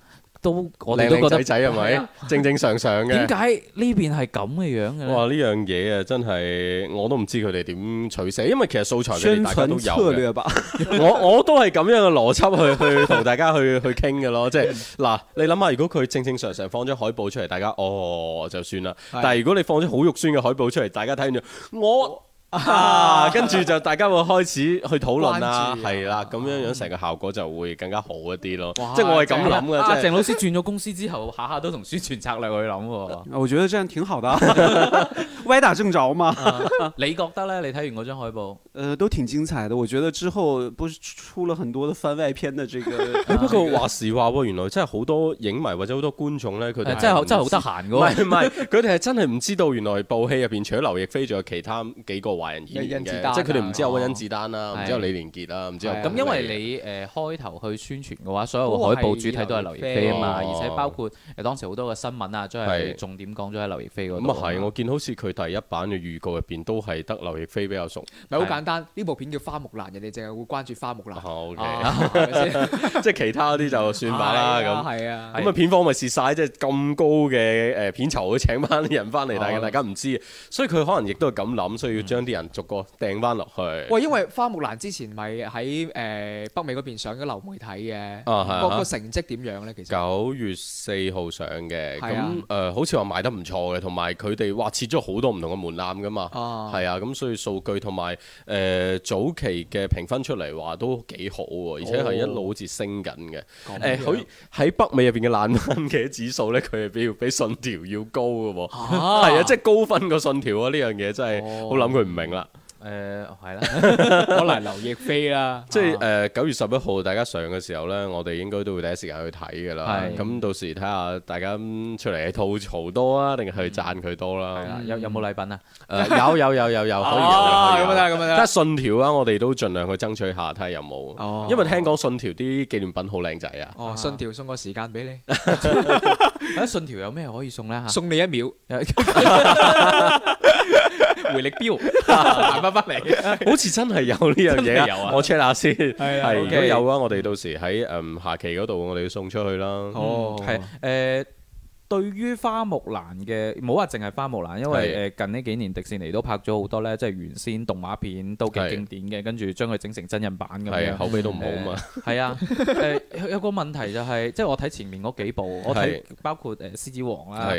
都我哋都覺得仔仔係咪？啊，正正常常嘅。點解呢邊係咁嘅樣嘅？哇！呢樣嘢啊，真係我都唔知佢哋點取捨，因為其實素材佢哋大家都有，我我都係咁樣嘅邏輯去去同大家去去傾嘅咯，即係嗱，你諗下，如果佢正正常常放張海報出嚟，大家哦就算啦。但係如果你放咗好肉酸嘅海報出嚟，大家睇完咗，我。哦。啊，跟住就大家會開始去討論啦，係啦，咁樣樣成個效果就會更加好一啲咯。即係我係咁諗嘅。阿鄭老師轉咗公司之後，下下都同宣傳策略去諗喎。我覺得這樣挺好的，歪打正着嘛。你覺得呢？你睇完嗰張海報，誒都挺精彩的。我覺得之後不出了很多的番外篇的這個。不過話時話原來真係好多影迷或者好多觀眾咧，佢哋真係真係好得閒嘅。唔係唔係，佢哋係真係唔知道原來部戲入邊除咗劉亦菲仲有其他幾個。甄子丹，即係佢哋唔知有冇甄子丹啦，唔知有李連杰啦，唔知有咁，因為你誒開頭去宣傳嘅話，所有海報主體都係劉亦菲啊嘛，而且包括誒當時好多嘅新聞啊，都係重點講咗喺劉亦菲嗰度。咁啊係，我見好似佢第一版嘅預告入邊都係得劉亦菲比較熟。好簡單，呢部片叫花木蘭，人哋淨係會關注花木蘭，即係其他啲就算罷啦咁。係啊，咁啊片方咪蝕晒，即係咁高嘅誒片酬會請翻啲人翻嚟，但係大家唔知，所以佢可能亦都係咁諗，所以要將。啲人逐個掟翻落去。哇，因為花木蘭之前咪喺誒北美嗰邊上咗流媒體嘅，個、啊啊、個成績點樣咧？其實九月四號上嘅，咁誒、啊呃、好似話賣得唔錯嘅，呃、同埋佢哋哇設咗好多唔同嘅門檻噶嘛，係啊，咁、啊、所以數據同埋誒早期嘅評分出嚟話都幾好喎，而且係一路好似升緊嘅。誒喺喺北美入邊嘅爛番茄嘅指數咧，佢比比信條要高嘅喎，係啊，即係、啊就是、高分過信條啊！呢樣嘢真係好諗佢唔～、哦哦明啦，誒係啦，可能劉亦菲啦， 即係誒九月十一號大家上嘅時候咧，我哋應該都會第一時間去睇㗎啦。咁是到時睇下大家出嚟嘅吐槽多啊，定係去讚佢多啦、啊嗯嗯。有有冇禮品啊？呃、有有有有有，可以、 啊、有。咁啊咁啊，但係信條啊，我哋都盡量去爭取下睇下有冇。啊、因為聽講信條啲紀念品好靚仔啊。哦，信條送個時間俾你。啊， 信條有咩可以送咧嚇？ 送你一秒。 回力標錶，行返返嚟， 好似真係有呢樣嘢，有啊，我 check 下先，如果有啊！我哋到時喺誒、嗯、下期嗰度，我哋要送出去啦。哦，係誒、嗯。對於花木蘭嘅，冇話淨係花木蘭，因為誒近呢幾年迪士尼都拍咗好多咧，即係原先動畫片都幾經典嘅，跟住將佢整成真人版咁樣，口味都唔好啊嘛。係啊，誒有個問題就係，即係我睇前面嗰幾部，我睇包括誒獅子王啊，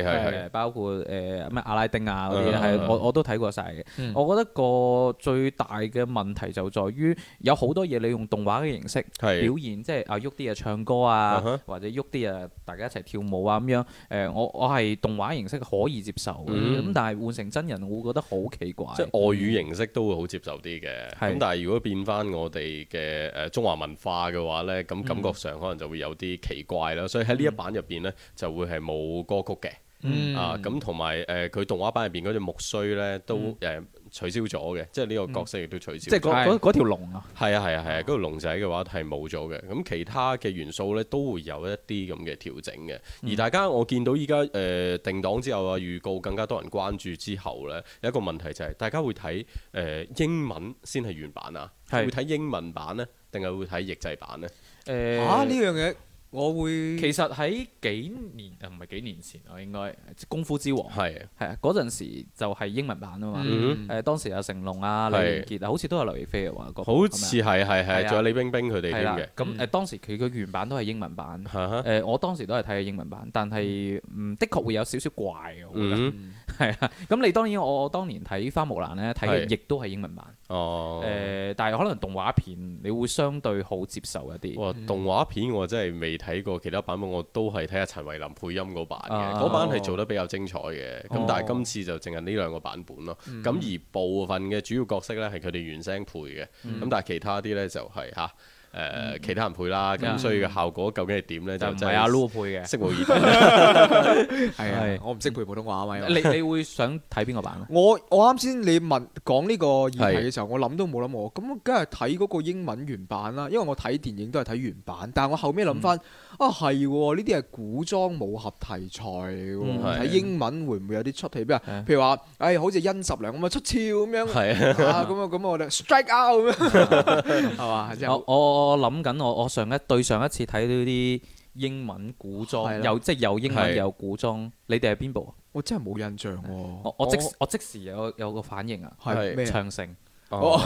包括誒咩阿拉丁啊啲，係我我都睇過晒嘅。我覺得個最大嘅問題就在於，有好多嘢你用動畫嘅形式表現，即係啊喐啲啊唱歌啊，或者喐啲啊大家一齊跳舞啊咁樣。誒，我我係動畫形式可以接受嘅，咁、嗯、但係換成真人，我覺得好奇怪。即係外語形式都會好接受啲嘅，咁是但係如果變翻我哋嘅誒中華文化嘅話咧，咁、嗯、感覺上可能就會有啲奇怪啦。所以喺呢一版入邊咧，嗯、就會係冇歌曲嘅，嗯、啊咁同埋誒佢動畫版入邊嗰隻木須咧都誒。嗯取消咗嘅，即係呢個角色亦都取消。即係嗰嗰條龍啊，係啊係啊係啊，嗰、啊、條龍仔嘅話係冇咗嘅。咁其他嘅元素咧都會有一啲咁嘅調整嘅。而大家我見到依家誒定檔之後啊，預告更加多人關注之後咧，有一個問題就係、是、大家會睇誒、呃、英文先係原版啊，是會睇英文版呢，定係會睇譯製版呢？誒嚇呢樣嘢。我會其實喺幾年啊，唔係幾年前我應該功夫之王係係啊，嗰陣時就係英文版啊嘛。誒當時啊，成龍啊，李連杰啊，好似都有劉亦菲嘅話，好似係係係，仲有李冰冰佢哋啲嘅。咁誒當時佢嘅原版都係英文版。誒我當時都係睇英文版，但係的確會有少少怪嘅。嗯，係啊。咁你當然我我當年睇花木蘭咧睇嘅亦都係英文版。哦。誒，但係可能動畫片你會相對好接受一啲。哇！動畫片我真係未睇。睇過其他版本我都係睇下陳慧琳配音嗰版嘅，嗰、oh. 版係做得比較精彩嘅。咁、oh. 但係今次就淨係呢兩個版本咯。咁、mm hmm. 而部分嘅主要角色呢，係佢哋原聲配嘅，咁、mm hmm. 但係其他啲呢、就係，就係嚇。誒其他人配啦，咁所以嘅效果究竟係點咧？就唔係阿 Lu 配嘅，識冇耳？係我唔識配普通話啊。你你會想睇邊個版？我我啱先你問講呢個議題嘅時候，我諗都冇諗過，咁梗係睇嗰個英文原版啦。因為我睇電影都係睇原版，但係我後尾諗翻，啊係喎，呢啲係古裝武俠題材喎，睇英文會唔會有啲出戲？譬如話，譬如話，誒好似殷十娘咁啊出招咁樣，咁啊咁我哋 strike out 咁樣，係嘛？之後，哦我諗緊我我上一對上一次睇到啲英文古裝，又即係有英文有古裝，你哋係邊部啊？我真係冇印象喎！我即我即時有有個反應啊！係長城，我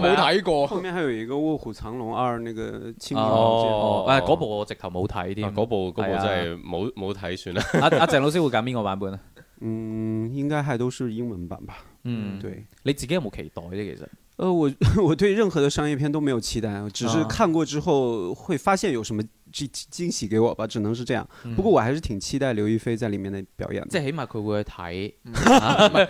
冇睇過。後面係有一個《卧虎藏龍二》那個《千與千尋》，誒嗰部我直頭冇睇啲。嗰部嗰部真係冇冇睇算啦。阿阿鄭老師會揀邊個版本啊？嗯，應該係都是英文版吧。嗯，對，你自己有冇期待咧？其實？呃，我我對任何的商業片都沒有期待，只是看過之後會發現有什麼。驚驚喜給我吧，只能是這樣。不過我還是挺期待劉亦菲在裏面的表演的。即起碼佢會去睇，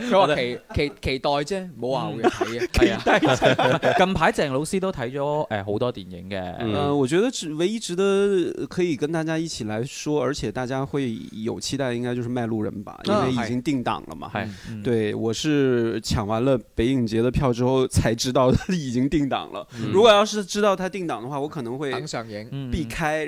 佢話期期期待啫，冇話會睇啊。係啊，不 奇 啊 是啊 近排鄭老師都睇咗誒，好、呃、多電影嘅。誒、嗯嗯嗯，我覺得只唯一值得可以跟大家一起來說，而且大家會有期待，應該就是《麥路人》吧，因為已經定檔了嘛。啊、對、嗯，我是搶完了北影節的票之後才知道 已經定檔了、嗯。如果要是知道他定檔的話，我可能會避開。嗯避開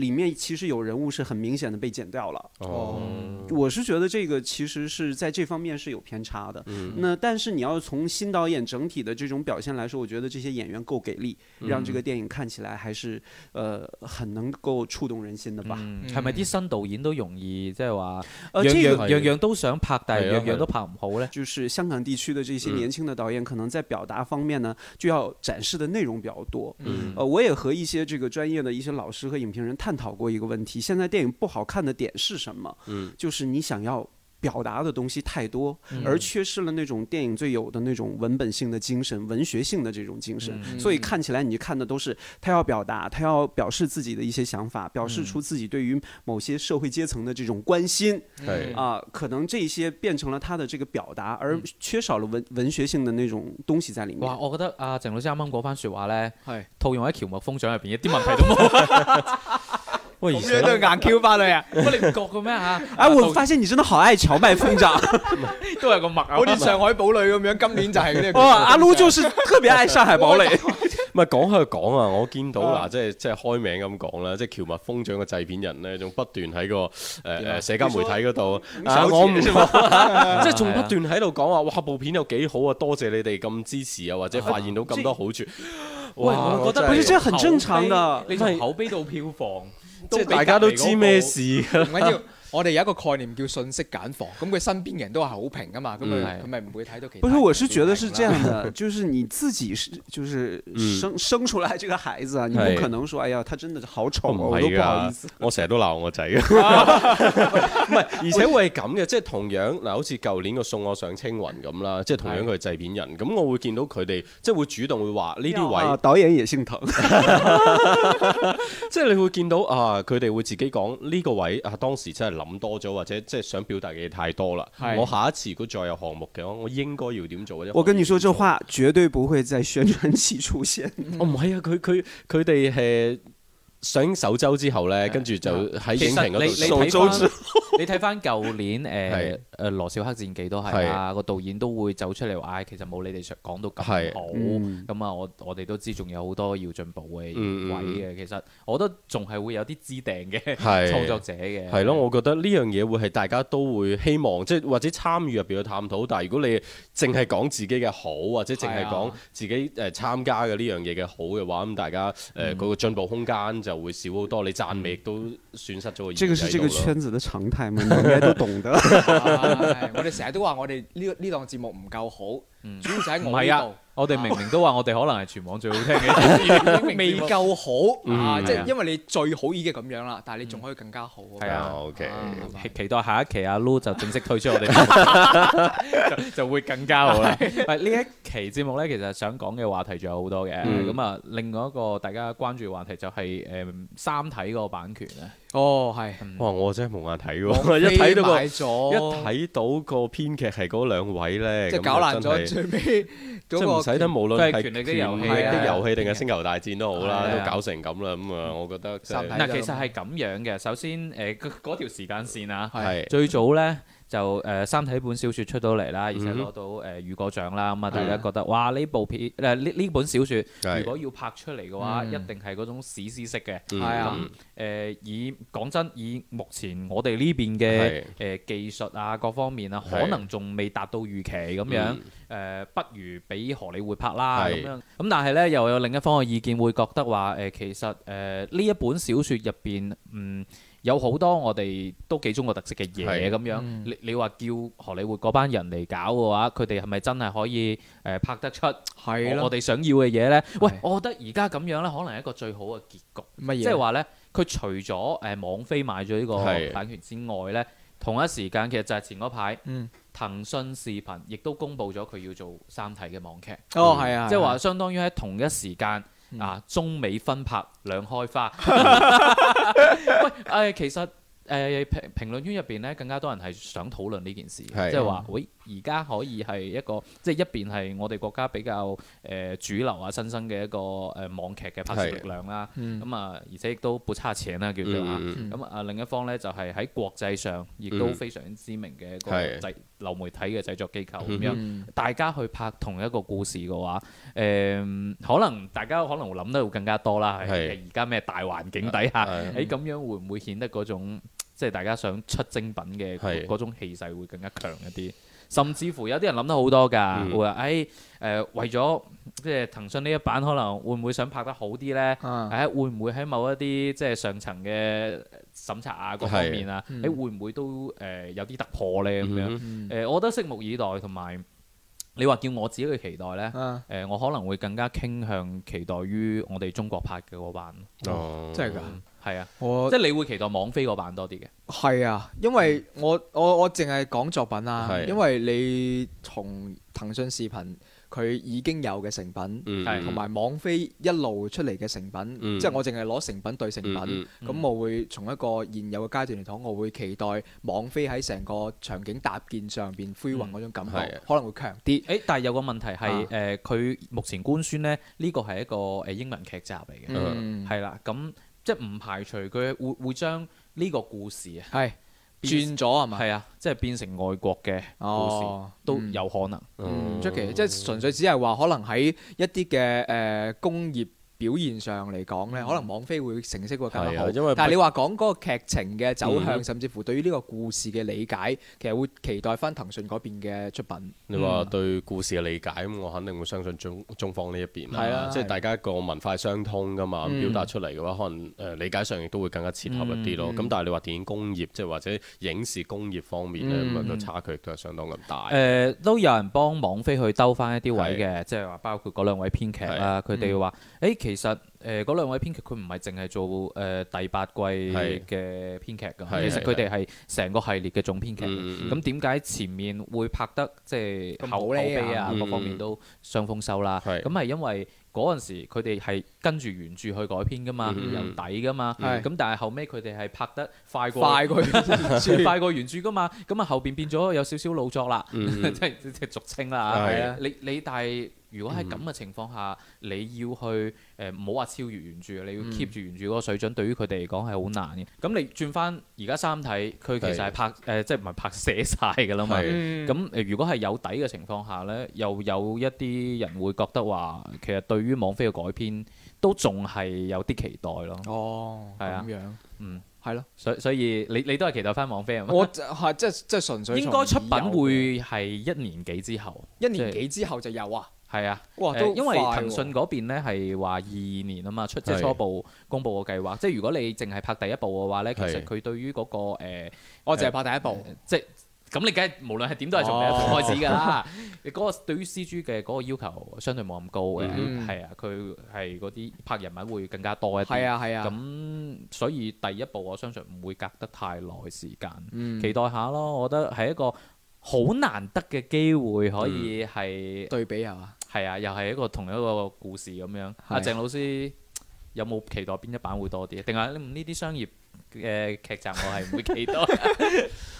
裏面其實有人物是很明顯的被剪掉了。哦，我是覺得這個其實是在這方面是有偏差的。嗯。那但是你要從新導演整體的這種表現來說，我覺得這些演員夠給力，讓這個電影看起來還是，呃，很能夠觸動人心的吧？嗯，係咪啲新導演都容易即係話，樣樣樣樣都想拍，但係樣樣都拍唔好咧？就是香港地區的這些年輕的導演，可能在表達方面呢，嗯。就要展示的內容比較多。嗯。呃，我也和一些這個專業的一些老師和影評人談。探討過一個問題，現在電影不好看的點是什麼？嗯、就是你想要表達的東西太多，嗯，而缺失了那種電影最有的那種文本性的精神，文學性的這種精神。嗯，所以看起來你看的都是他要表達，他要表示自己的一些想法，表示出自己對於某些社會階層的這種關心。啊，嗯呃嗯，可能這一些變成了他的這個表達，而缺少了文，嗯，文學性的那種東西在裏面。哇，我覺得啊，鄭，呃，老師啱啱嗰番說話呢，係套用在蕎麥瘋長入邊，一啲問題都冇。 咁樣都硬 Q 翻你啊！乜你唔覺嘅咩吓？啊，我發現你真係好愛蕎麥瘋咋，都係個麥。好似上海堡壘咁樣，今年就係。哦，阿 Lu 就是特別愛上海堡壘。唔係講開講啊！我見到嗱，即係即係開名咁講啦，即係蕎麥瘋長嘅製片人咧，仲不斷喺個誒誒社交媒體嗰度，我唔即係仲不斷喺度講話，哇！部片有幾好啊！多謝你哋咁支持啊，或者發現到咁多好處。喂，我覺得，而且呢係很正常噶，你口碑到票房。即係大家都知咩事啦。我哋有一個概念叫信息繭房，咁佢身邊人都係好評啊嘛，咁佢咪唔會睇到其他。不是，我是覺得是這樣的，就是你自己就是生生出來這個孩子啊，你不可能說，哎呀，他真的好醜，我都不好意思。我成日都鬧我仔嘅。而且會咁嘅，即係同樣嗱，好似舊年個送我上青雲咁啦，即係同樣佢係製片人，咁我會見到佢哋即係會主動會話呢啲位。導演而先頭，即係你會見到啊，佢哋會自己講呢個位啊，當時真係。諗多咗或者即係想表達嘅嘢太多啦。是我下一次如果再有項目嘅話，我應該要點做啫？我跟你說，這話絕對不會在宣傳期出現。 哦，唔係啊，佢佢佢哋係。上首周之後咧，跟住就喺影評嗰度。其實你你睇翻，你睇翻舊年誒誒羅小黑戰記都係啊，個導演都會走出嚟，話，其實冇你哋講到咁好。咁啊，我我哋都知仲有好多要進步嘅位嘅。其實我覺得仲係會有啲置定嘅創作者嘅。係咯，我覺得呢樣嘢會係大家都會希望，即係或者參與入邊嘅探討，但係如果你淨係講自己嘅好，或者淨係講自己誒參加嘅呢樣嘢嘅好嘅話，咁大家誒個進步空間就。又會少好多，你讚美亦都損失咗。呢個係這個圈子嘅常態嘛，你都懂得。 啊、我哋成日都話我哋呢呢檔節目唔夠好。主要就係唔係啊，我哋明明都話我哋可能係全網最好聽嘅，未夠好啊！即係因為你最好已經咁樣啦，但係你仲可以更加好。係啊，OK，期待下一期阿 Lu 就正式推出我哋，就就會更加好啦。係呢一期節目咧，其實想講嘅話題仲有好多嘅。咁啊，另外一個大家關注嘅話題就係誒《三體》嗰個版權咧。哦，係。哇！我真係冇眼睇喎，一睇到個一睇到個編劇係嗰兩位咧，即係搞爛咗，最尾，即係唔使得，無論係權力的遊戲、啲遊戲定係星球大戰都好啦，都搞成咁啦，咁啊，我覺得。嗱，其實係咁樣嘅，首先誒，嗰條時間線啊，係最早咧。就誒、呃、三體本小説出到嚟啦，而且攞到誒、呃、雨果獎啦，咁、嗯、啊大家覺得的哇呢部片誒呢呢本小説如果要拍出嚟嘅話，的一定係嗰種史詩式嘅。係啊的，誒、呃、以講真，以目前我哋呢邊嘅誒技術啊各方面啊，可能仲未達到預期咁樣。的誒，不如俾荷里活拍啦咁樣。咁但係咧，又有另一方嘅意見會覺得話誒，其實誒呢一本小説入邊，嗯，有好多我哋都幾中國特色嘅嘢咁樣。你你話叫荷里活嗰班人嚟搞嘅話，佢哋係咪真係可以誒拍得出我哋想要嘅嘢咧？喂，我覺得而家咁樣咧，可能係一個最好嘅結局，即係話咧，佢除咗誒網飛買咗呢個版權之外咧，同一時間其實就係前嗰排。騰訊視頻亦都公布咗佢要做三體嘅網劇，哦係啊，即係話相當於喺同一時間啊，中美分拍兩開花。喂，誒其實誒評評論圈入邊咧，更加多人係想討論呢件事，即係話，喂而家可以係一個，即係一邊係我哋國家比較誒主流啊新生嘅一個誒網劇嘅拍攝力量啦，咁啊而且亦都不差錢啦叫做啊，咁啊另一方咧就係喺國際上亦都非常知名嘅一個製流媒體嘅製作機構咁樣，嗯、大家去拍同一個故事嘅話，誒、呃、可能大家可能會諗得會更加多啦。係而家咩大環境底下，誒咁、嗯哎、樣會唔會顯得嗰種即係大家想出精品嘅嗰是種氣勢會更加強一啲？甚至乎有啲人諗得好多㗎，嗯、會話誒誒為咗即係騰訊呢一版可能會唔會想拍得好啲呢？誒、嗯哎、會唔會喺某一啲即係上層嘅？審查啊，各、那個、方面啊，你、嗯、會唔會都誒有啲突破呢？咁樣、嗯？誒、嗯呃，我覺得拭目以待，同埋你話叫我自己去期待呢？誒、啊呃，我可能會更加傾向期待於我哋中國拍嘅嗰版。哦、嗯，真係㗎，係啊，即係你會期待網飛嗰版多啲嘅。係啊，因為我我我淨係講作品啊，因為你從騰訊視頻。佢已經有嘅成品，同埋、嗯、網飛一路出嚟嘅成品，嗯、即係我淨係攞成品對成品，咁、嗯嗯、我會從一個現有嘅階段嚟講，我會期待網飛喺成個場景搭建上邊灰雲嗰種感覺、嗯、可能會強啲。誒、欸，但係有個問題係誒，佢、啊呃、目前官宣呢，呢個係一個誒英文劇集嚟嘅，係啦，咁即係唔排除佢會會將呢個故事係的。轉咗係咪？係變啊，即係變成外國嘅故事、哦、都有可能，出奇即係純粹只係話可能喺一啲嘅誒工業。表現上嚟講咧，可能網飛會成色會更加好。但係你話講嗰個劇情嘅走向，甚至乎對於呢個故事嘅理解，其實會期待翻騰訊嗰邊嘅出品。你話對故事嘅理解咁，我肯定會相信中中方呢一邊啦。係啊，即係大家一個文化相通㗎嘛。表達出嚟嘅話，可能誒理解上亦都會更加切合一啲咯。咁但係你話電影工業，即係或者影視工業方面咧，咁個差距都係相當咁大。誒，都有人幫網飛去兜翻一啲位嘅，即係話包括嗰兩位編劇啊，佢哋話誒其實誒嗰兩位編劇佢唔係淨係做誒第八季嘅編劇㗎，其實佢哋係成個系列嘅總編劇。咁點解前面會拍得即係口碑啊各方面都雙豐收啦？咁係因為嗰陣時佢哋係跟住原著去改編㗎嘛，有底㗎嘛。咁但係後尾，佢哋係拍得快過快過原著㗎嘛，咁啊後邊變咗有少少老作啦，即係即係俗稱啦嚇。你你但係。如果喺咁嘅情況下，你要去誒，唔好話超越原著，你要 keep 住原著嗰個水準，對於佢哋嚟講係好難嘅。咁你轉翻而家三體，佢其實係拍誒，即係唔係拍寫晒㗎啦嘛。咁誒，如果係有底嘅情況下咧，又有一啲人會覺得話，其實對於網飛嘅改編都仲係有啲期待咯。哦，係啊，咁樣，嗯，係咯，所所以你你都係期待翻網飛啊？我係即係即係純粹應該出品會係一年幾之後，一年幾之後就有啊？係啊，因為騰訊嗰邊咧係話二二年啊嘛，出即係初步公布個計劃。是即係如果你淨係拍第一部嘅話咧，其實佢對於嗰、那個我淨係拍第一部，呃、即係咁你梗係無論係點都係從第一部開始㗎啦。你嗰、哦、 個對於 C G 嘅嗰個要求相對冇咁高嘅，係、嗯嗯、啊，佢係嗰啲拍人物會更加多一啲。係啊係啊，咁、啊、所以第一部我相信唔會隔得太耐時間，嗯、期待下咯。我覺得係一個好難得嘅機會，可以係、嗯、對比係嘛。係啊，又係一個同一個故事咁樣。阿是、啊啊、鄭老師有冇期待邊一版會多啲？定係呢啲商業嘅劇集，我係唔會期待。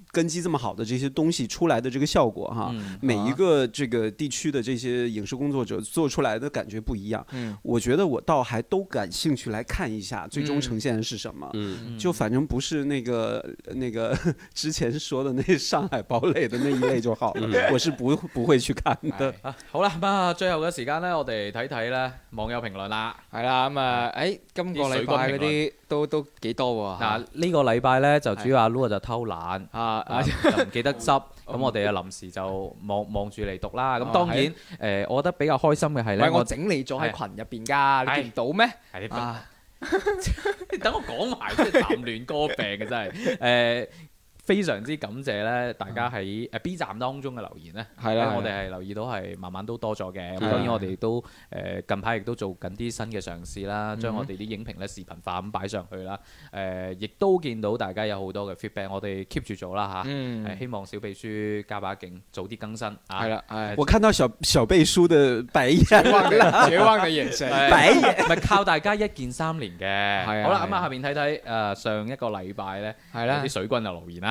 根基這麼好的這些東西出來的這個效果哈，每一個這個地區的這些影視工作者做出來的感覺不一樣。我覺得我倒還都感興趣來看一下，最終呈現的是什麼。就反正不是那個那個之前說的那上海堡壘的那一類就好，我是不不會去看的。好啦，不啊，最後嘅時間呢，我哋睇睇咧網友評論啦。係啦，咁啊，誒，今個禮拜嗰啲都都幾多喎？嗱，呢個禮拜咧就主要阿 l u o 就偷懶啊。 嗯、又唔記得執，咁 我哋啊臨時就望望住嚟讀啦。咁當然，誒，我覺得比較開心嘅係咧，我整理咗喺群入邊噶， 你唔到咩？等我講埋，都係談亂歌病嘅真係，誒、呃。非常之感謝咧，大家喺誒 B 站當中嘅留言咧，我哋係留意到係慢慢都多咗嘅。咁當然我哋都誒近排亦都做緊啲新嘅嘗試啦，將我哋啲影評咧視頻化咁擺上去啦。誒亦都見到大家有好多嘅 feedback，我哋 keep 住做啦嚇，係希望小秘書加把勁，早啲更新。係啦，我看到小小秘書嘅白眼，絕望嘅唔係靠大家一鍵三連嘅。好啦，咁啊下面睇睇誒上一個禮拜咧，啲水軍又留言啦。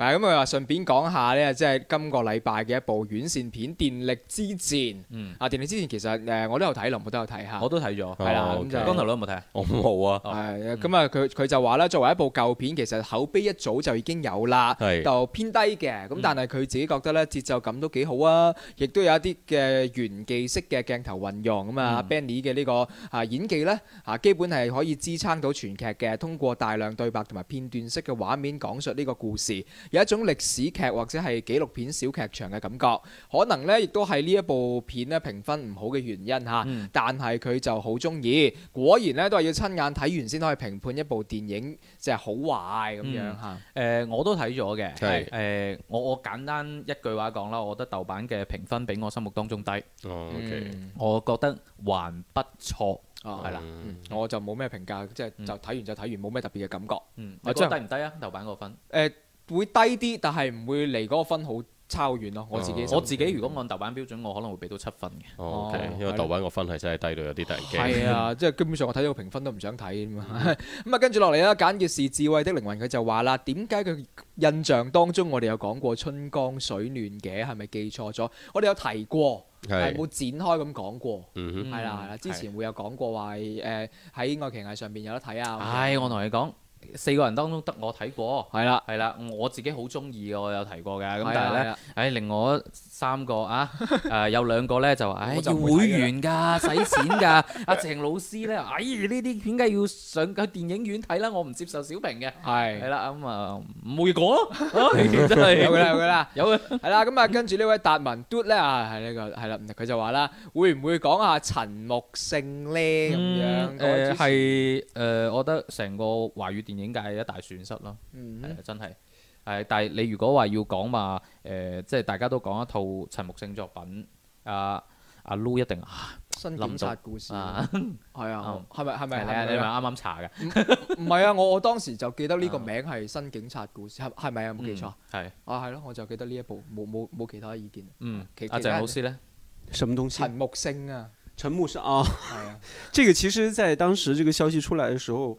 誒咁佢話順便講下呢，即係今個禮拜嘅一部院線片《電力之戰》。嗯。啊，《電力之戰》其實誒我都有睇啦，嗯、剛剛有有我都有睇嚇。我都睇咗。係啦，咁就光頭佬有冇睇啊？我冇啊。係，咁啊佢佢就話咧，作為一部舊片，其實口碑一早就已經有啦，就是偏低嘅。咁但係佢自己覺得咧節奏感都幾好啊，亦都有一啲嘅懸疑式嘅鏡頭運用咁啊。Benny 嘅呢個啊演技咧啊基本係可以支撐到全劇嘅，通過大量對白同埋片段式嘅畫面講述呢個故事。有一種歷史劇或者係紀錄片小劇場嘅感覺，可能咧亦都係呢一部片咧評分唔好嘅原因嚇。嗯、但係佢就好鍾意，果然咧都係要親眼睇完先可以評判一部電影即係好壞咁樣嚇。誒、嗯嗯呃，我都睇咗嘅。誒係、呃，我我簡單一句話講啦，我覺得豆瓣嘅評分比我心目當中低。哦、o、okay. K、嗯。我覺得還不錯，係啦、哦嗯嗯，我就冇咩評價，即係、嗯、就睇完就睇完，冇咩特別嘅感覺。嗯，你覺得低唔低啊？豆瓣個分？誒、呃。會低啲，但係唔會離嗰個分好差好遠咯。我自己我自己如果按豆瓣標準，我可能會俾到七分嘅。哦、okay, 因為豆瓣個分係真係低到有啲突擊。啊、哦，即係 基本上我睇到個評分都唔想睇咁啊，跟住落嚟啦，簡潔是智慧的靈魂，佢就話啦，點解佢印象當中我哋有講過春江水暖嘅係咪記錯咗？我哋有提過係冇的展開咁講過。嗯哼，係啦，之前會有講過話誒喺愛奇藝上面有得睇啊。唉、okay? 嗯，我同你講。嗯嗯四個人當中得我睇過，係啦，係啦，我自己好中意嘅，我有提過嘅，咁但係咧，誒、哎、令我。三個啊，誒有兩個咧就話，唉要會員噶，使錢噶。阿鄭老師咧，哎呢啲點解要上個電影院睇啦？我唔接受小屏嘅。係係啦，咁啊唔會講咯，真係有嘅啦，有嘅啦，有嘅。係啦，咁啊跟住呢位達文嘟 o 咧啊，係呢個係啦，佢就話啦，會唔會講下陳木勝咧咁樣？誒係誒，我覺得成個華語電影界一大損失咯，係真係。係，但係你如果話要講嘛，誒，即係大家都講一套陳木勝作品，阿阿 Lu 一定諗到啊，《新警察故事》，係啊，係咪係咪？係啊，你咪啱啱查嘅。唔係啊，我我當時就記得呢個名係《新警察故事》，係咪有冇記錯？係啊，係咯，我就記得呢一部，冇冇冇其他意見。嗯，阿鄭老師咧，什麼東西？陳木勝啊，陳木勝啊，係啊。即係其實，在當時呢個消息出嚟嘅時候。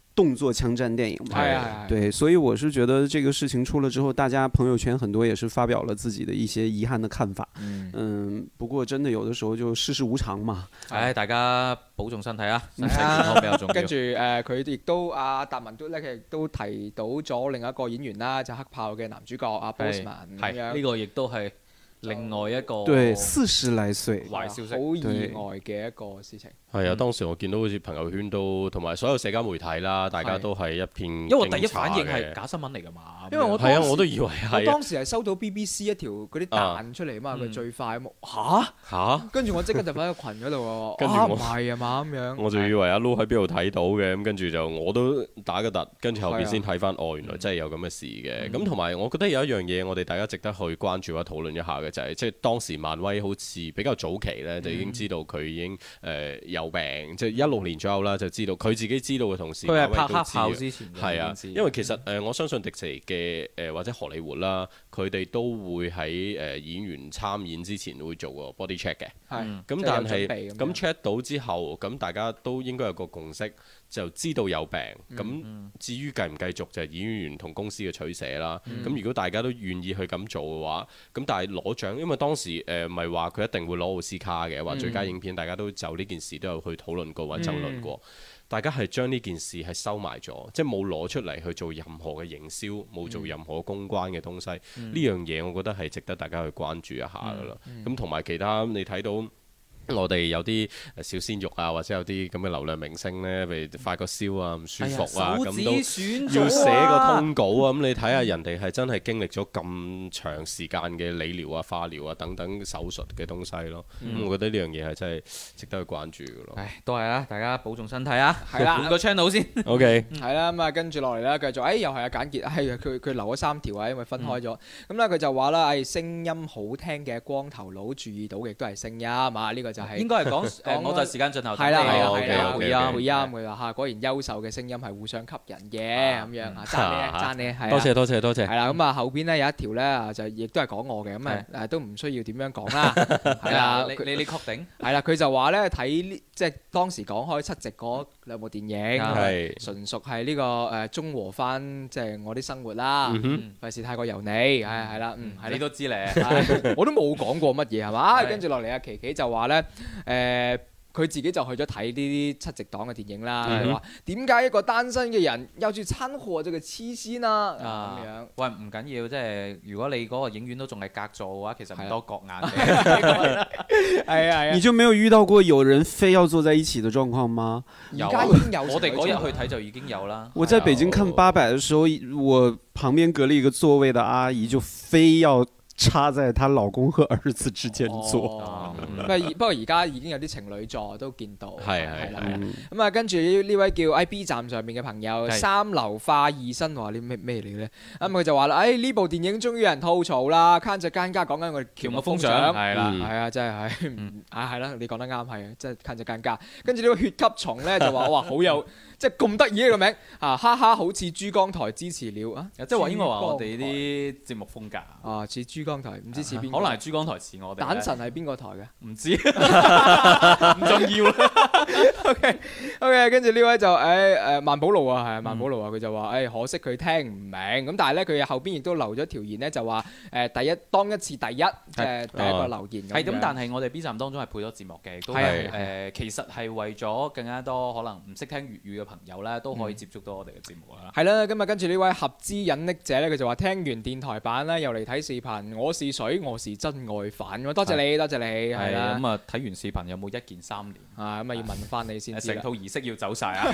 動作槍戰電影，嘛，是啊、對，所以我是覺得這個事情出了之後，大家朋友圈很多也是發表了自己的一些遺憾的看法。嗯，嗯，不過真的有的時候就世事無常嘛。哎，大家保重身體啊。體 跟住誒，佢、呃、亦都阿達、啊、文都咧，佢亦都提到咗另一個演員啦、啊，就是、黑豹嘅男主角阿 Boseman 係，呢個亦都係。另外一個對四十嚟歲壞消息，好意外嘅一個事情係啊！當時我見到好似朋友圈都同埋所有社交媒體啦，大家都係一片因為我第一反應係假新聞嚟㗎嘛。因為我係啊，我都以為係。我當時係收到 BBC 一條嗰啲彈出嚟啊嘛，佢最快吓？嚇，跟住我即刻就返個群嗰度啊，唔係啊嘛咁樣。我就以為阿 Loo 喺邊度睇到嘅咁，跟住就我都打個突，跟住後邊先睇翻哦，原來真係有咁嘅事嘅。咁同埋我覺得有一樣嘢，我哋大家值得去關注或者討論一下嘅。就係即係當時漫威好似比較早期咧，就已經知道佢已經誒有病，即係一六年左右啦，就知道佢自己知道嘅同時，佢係拍黑豹之前，係啊，因為其實誒我相信迪士尼嘅誒或者荷里活啦，佢哋都會喺誒演員參演之前會做個 body check 嘅。係，咁但係咁 check 到之後，咁大家都應該有個共識就知道有病。咁至於繼唔繼續就係演員同公司嘅取捨啦。咁如果大家都願意去咁做嘅話，咁但係攞。因為當時誒唔係話佢一定會攞奧斯卡嘅，話最佳影片，大家都就呢件事都有去討論過或者爭論過，嗯、大家係將呢件事係收埋咗，即係冇攞出嚟去做任何嘅營銷，冇、嗯、做任何公關嘅東西。呢、嗯、樣嘢我覺得係值得大家去關注一下噶啦。咁同埋其他你睇到。我哋有啲小鮮肉啊，或者有啲咁嘅流量明星咧，譬如發個燒啊，唔舒服啊，咁都要寫個通稿啊。咁你睇下人哋係真係經歷咗咁長時間嘅理療啊、化療啊等等手術嘅東西咯。咁我覺得呢樣嘢係真係值得去關注嘅咯。唉，都係啦，大家保重身體啊。係啦，換個 channel 先。OK。係啦，咁啊跟住落嚟啦，繼續做。誒，又係啊簡潔，係佢佢留咗三條啊，因為分開咗。咁咧佢就話啦，係聲音好聽嘅光頭佬注意到嘅亦都係聲音啊，呢個就。應該係講誒，我在時間盡頭等你。係啦，係啦，係啦，迴音，迴音嘅啦嚇，果然優秀嘅聲音係互相吸引嘅咁樣啊！讚你，讚你，多謝多謝多謝。係啦，咁啊後邊咧有一條咧就亦都係講我嘅，咁啊誒都唔需要點樣講啦。係啦，你你確定？係啦，佢就話咧睇呢即係當時講開七夕嗰兩部電影，純屬係呢個誒中和返即係我啲生活啦。費事太過油膩，係啦，嗯，係你都知咧，我都冇講過乜嘢係嘛？跟住落嚟阿琪琪就話咧。誒，佢、呃、自己就去咗睇呢啲七夕檔嘅電影啦。話點解一個單身嘅人有住餐賀就嘅黐線啊？咁樣喂，唔緊要，即係如果你嗰個影院都仲係隔座嘅話，其實唔多角眼。係啊。你就沒有遇到過有人非要坐在一起的狀況嗎？有,已經有，我哋嗰日去睇就已經有啦。 我喺北京看八佰嘅時候，我旁邊隔籬一個座位嘅阿姨就非要。插在她老公和兒子之間做、哦 嗯，不過而家已經有啲情侶座都見到，係係啦，咁啊的的、嗯、跟住呢位叫 I B 站上面嘅朋友，的三流化二新話啲咩咩嚟咧？咁佢、嗯嗯、就話啦，誒、哎、呢部電影終於有人吐槽啦，看著更加講緊佢條目風尚，係啦，係啊、嗯，真係係，啊係啦，你講得啱係，真係看著更加。跟住呢個血吸蟲咧就話哇好有。即係咁得意嘅名啊！哈哈，好似珠江台支持了啊！即係話應該話我哋啲節目風格啊，似珠江台，唔知似邊？可能係珠江台似我哋。蛋神係邊個台嘅？唔知，唔 重要 OK，OK，跟住呢位就誒誒萬寶路啊，係萬寶路啊，佢就話誒、欸、可惜佢聽唔明，咁但係咧佢後邊亦都留咗條言咧，就話誒第一當一次第一誒的第一個留言係咁，但係我哋 B 站當中係配咗字幕嘅，都係誒其實係為咗更加多可能唔識聽粵語嘅。朋友咧都可以接觸到我哋嘅節目啊。係啦，咁啊跟住呢位合資隱匿者咧，佢就話聽完電台版咧，又嚟睇視頻。我是水，我是真愛粉。多謝你，多謝你。係啦，咁啊睇完視頻有冇一鍵三連啊？咁啊要問翻你先知啦。成套儀式要走晒啊！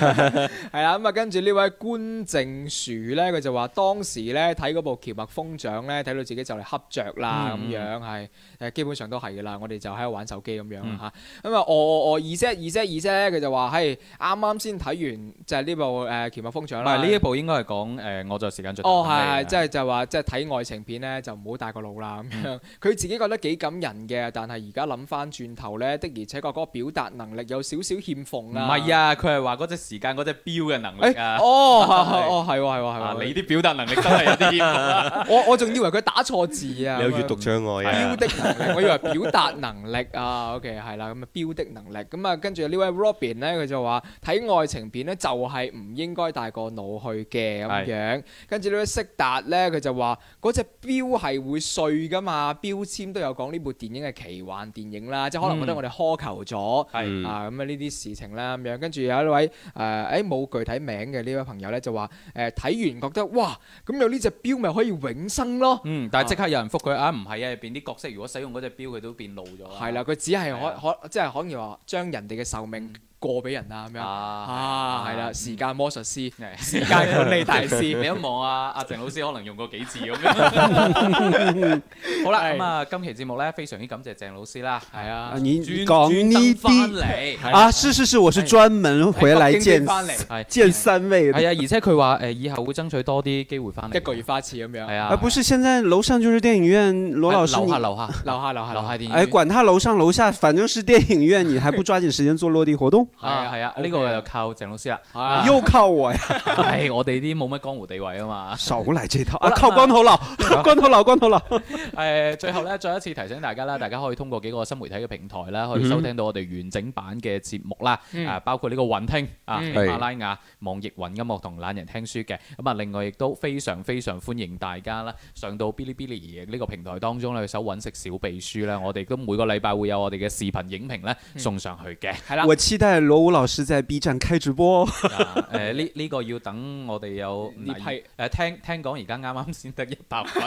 係啦，咁啊跟住呢位官正樹咧，佢就話當時咧睇嗰部《蕎麥瘋長》咧，睇到自己就嚟瞌着啦咁樣，係誒基本上都係啦。我哋就喺度玩手機咁樣嚇。咁啊，我我我二啫二啫二啫，佢就話係啱啱先睇完。就係呢部誒《蕎麥瘋長》啦。唔係呢一部應該係講誒我在時間盡頭。哦，係，即係就話即係睇愛情片咧，就唔好帶個腦啦咁樣。佢自己覺得幾感人嘅，但係而家諗翻轉頭咧，的而且確嗰個表達能力有少少欠奉啊。唔係啊，佢係話嗰隻時間嗰隻表嘅能力啊。哦，係係係，係喎係喎，你啲表達能力真係有啲欠奉啊。我我仲以為佢打錯字啊。有閱讀障礙啊。表的能力，我以為表達能力啊。OK，係啦，咁啊，表的能力。咁啊，跟住呢位 Robin 呢，佢就話睇愛情片。就係唔應該帶個腦去嘅咁樣，跟住的呢位色達咧佢就話嗰隻標係會碎噶嘛，標籤都有講呢部電影係奇幻電影啦，嗯、即係可能覺得我哋苛求咗啊咁啊呢啲事情啦咁樣，跟住有一位誒誒冇具體名嘅呢位朋友咧就話誒睇完覺得哇，咁有呢隻標咪可以永生咯，嗯，但係即刻有人覆佢啊，唔係啊，入邊啲角色如果使用嗰隻標佢都變老咗啦，係啦，佢只係可可的即係可以話將人哋嘅壽命、嗯。嗯過俾人啊咁樣啊，係啦，時間魔術師，時間管理大師，你一望啊，阿鄭老師可能用過幾次咁樣。好啦，咁啊，今期節目咧非常之感謝鄭老師啦，係啊，專講呢啲嚟。啊，是是是，我是專門回來見翻嚟，見三位。係啊，而且佢話誒，以後會爭取多啲機會翻嚟，一個月花一次咁樣。係啊，啊，不是，現在樓上就是電影院，羅老師，樓下樓下樓下樓下樓下，哎，管他樓上樓下，反正是電影院，你還不抓緊時間做落地活動？係啊係啊，呢個就靠鄭老師啦，又靠我呀！唉，我哋啲冇乜江湖地位啊嘛。少嚟這套，我靠！軍號流，軍號流，軍號流。誒，最後咧，再一次提醒大家啦，大家可以通過幾個新媒體嘅平台啦，可以收聽到我哋完整版嘅節目啦。啊，包括呢個雲聽啊、喜馬拉雅、網易雲音樂同懶人聽書嘅。咁啊，另外亦都非常非常歡迎大家啦，上到嗶哩嗶哩呢個平台當中咧，搜揾食小秘書咧，我哋都每個禮拜會有我哋嘅視頻影評咧送上去嘅。係啦，我黐低。老武老師在 B 站開直播，誒，呢呢個要等我哋有呢批誒，聽聽講而家啱啱先得一百粉，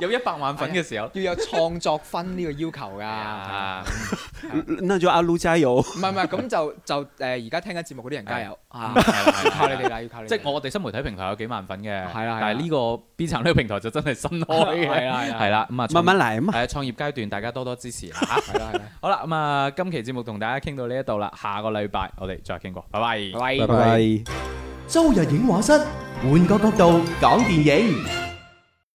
有一百萬粉嘅時候要有創作分呢個要求噶，那就阿 Lu 加油，唔係唔係咁就就誒，而家聽緊節目嗰啲人加油啊，靠你哋啦，要靠你，即係我哋新媒體平台有幾萬粉嘅。係啊係呢個 B 站呢個平台就真係新開。係啦係啦，咁啊慢慢嚟，誒，創業階段大家多多支持吓，係啦係啦，好啦咁啊今期節目同大家傾到呢一度啦，下。個禮拜，我哋再傾過，拜拜，拜拜，拜拜。周日影畫室，換個角度講電影。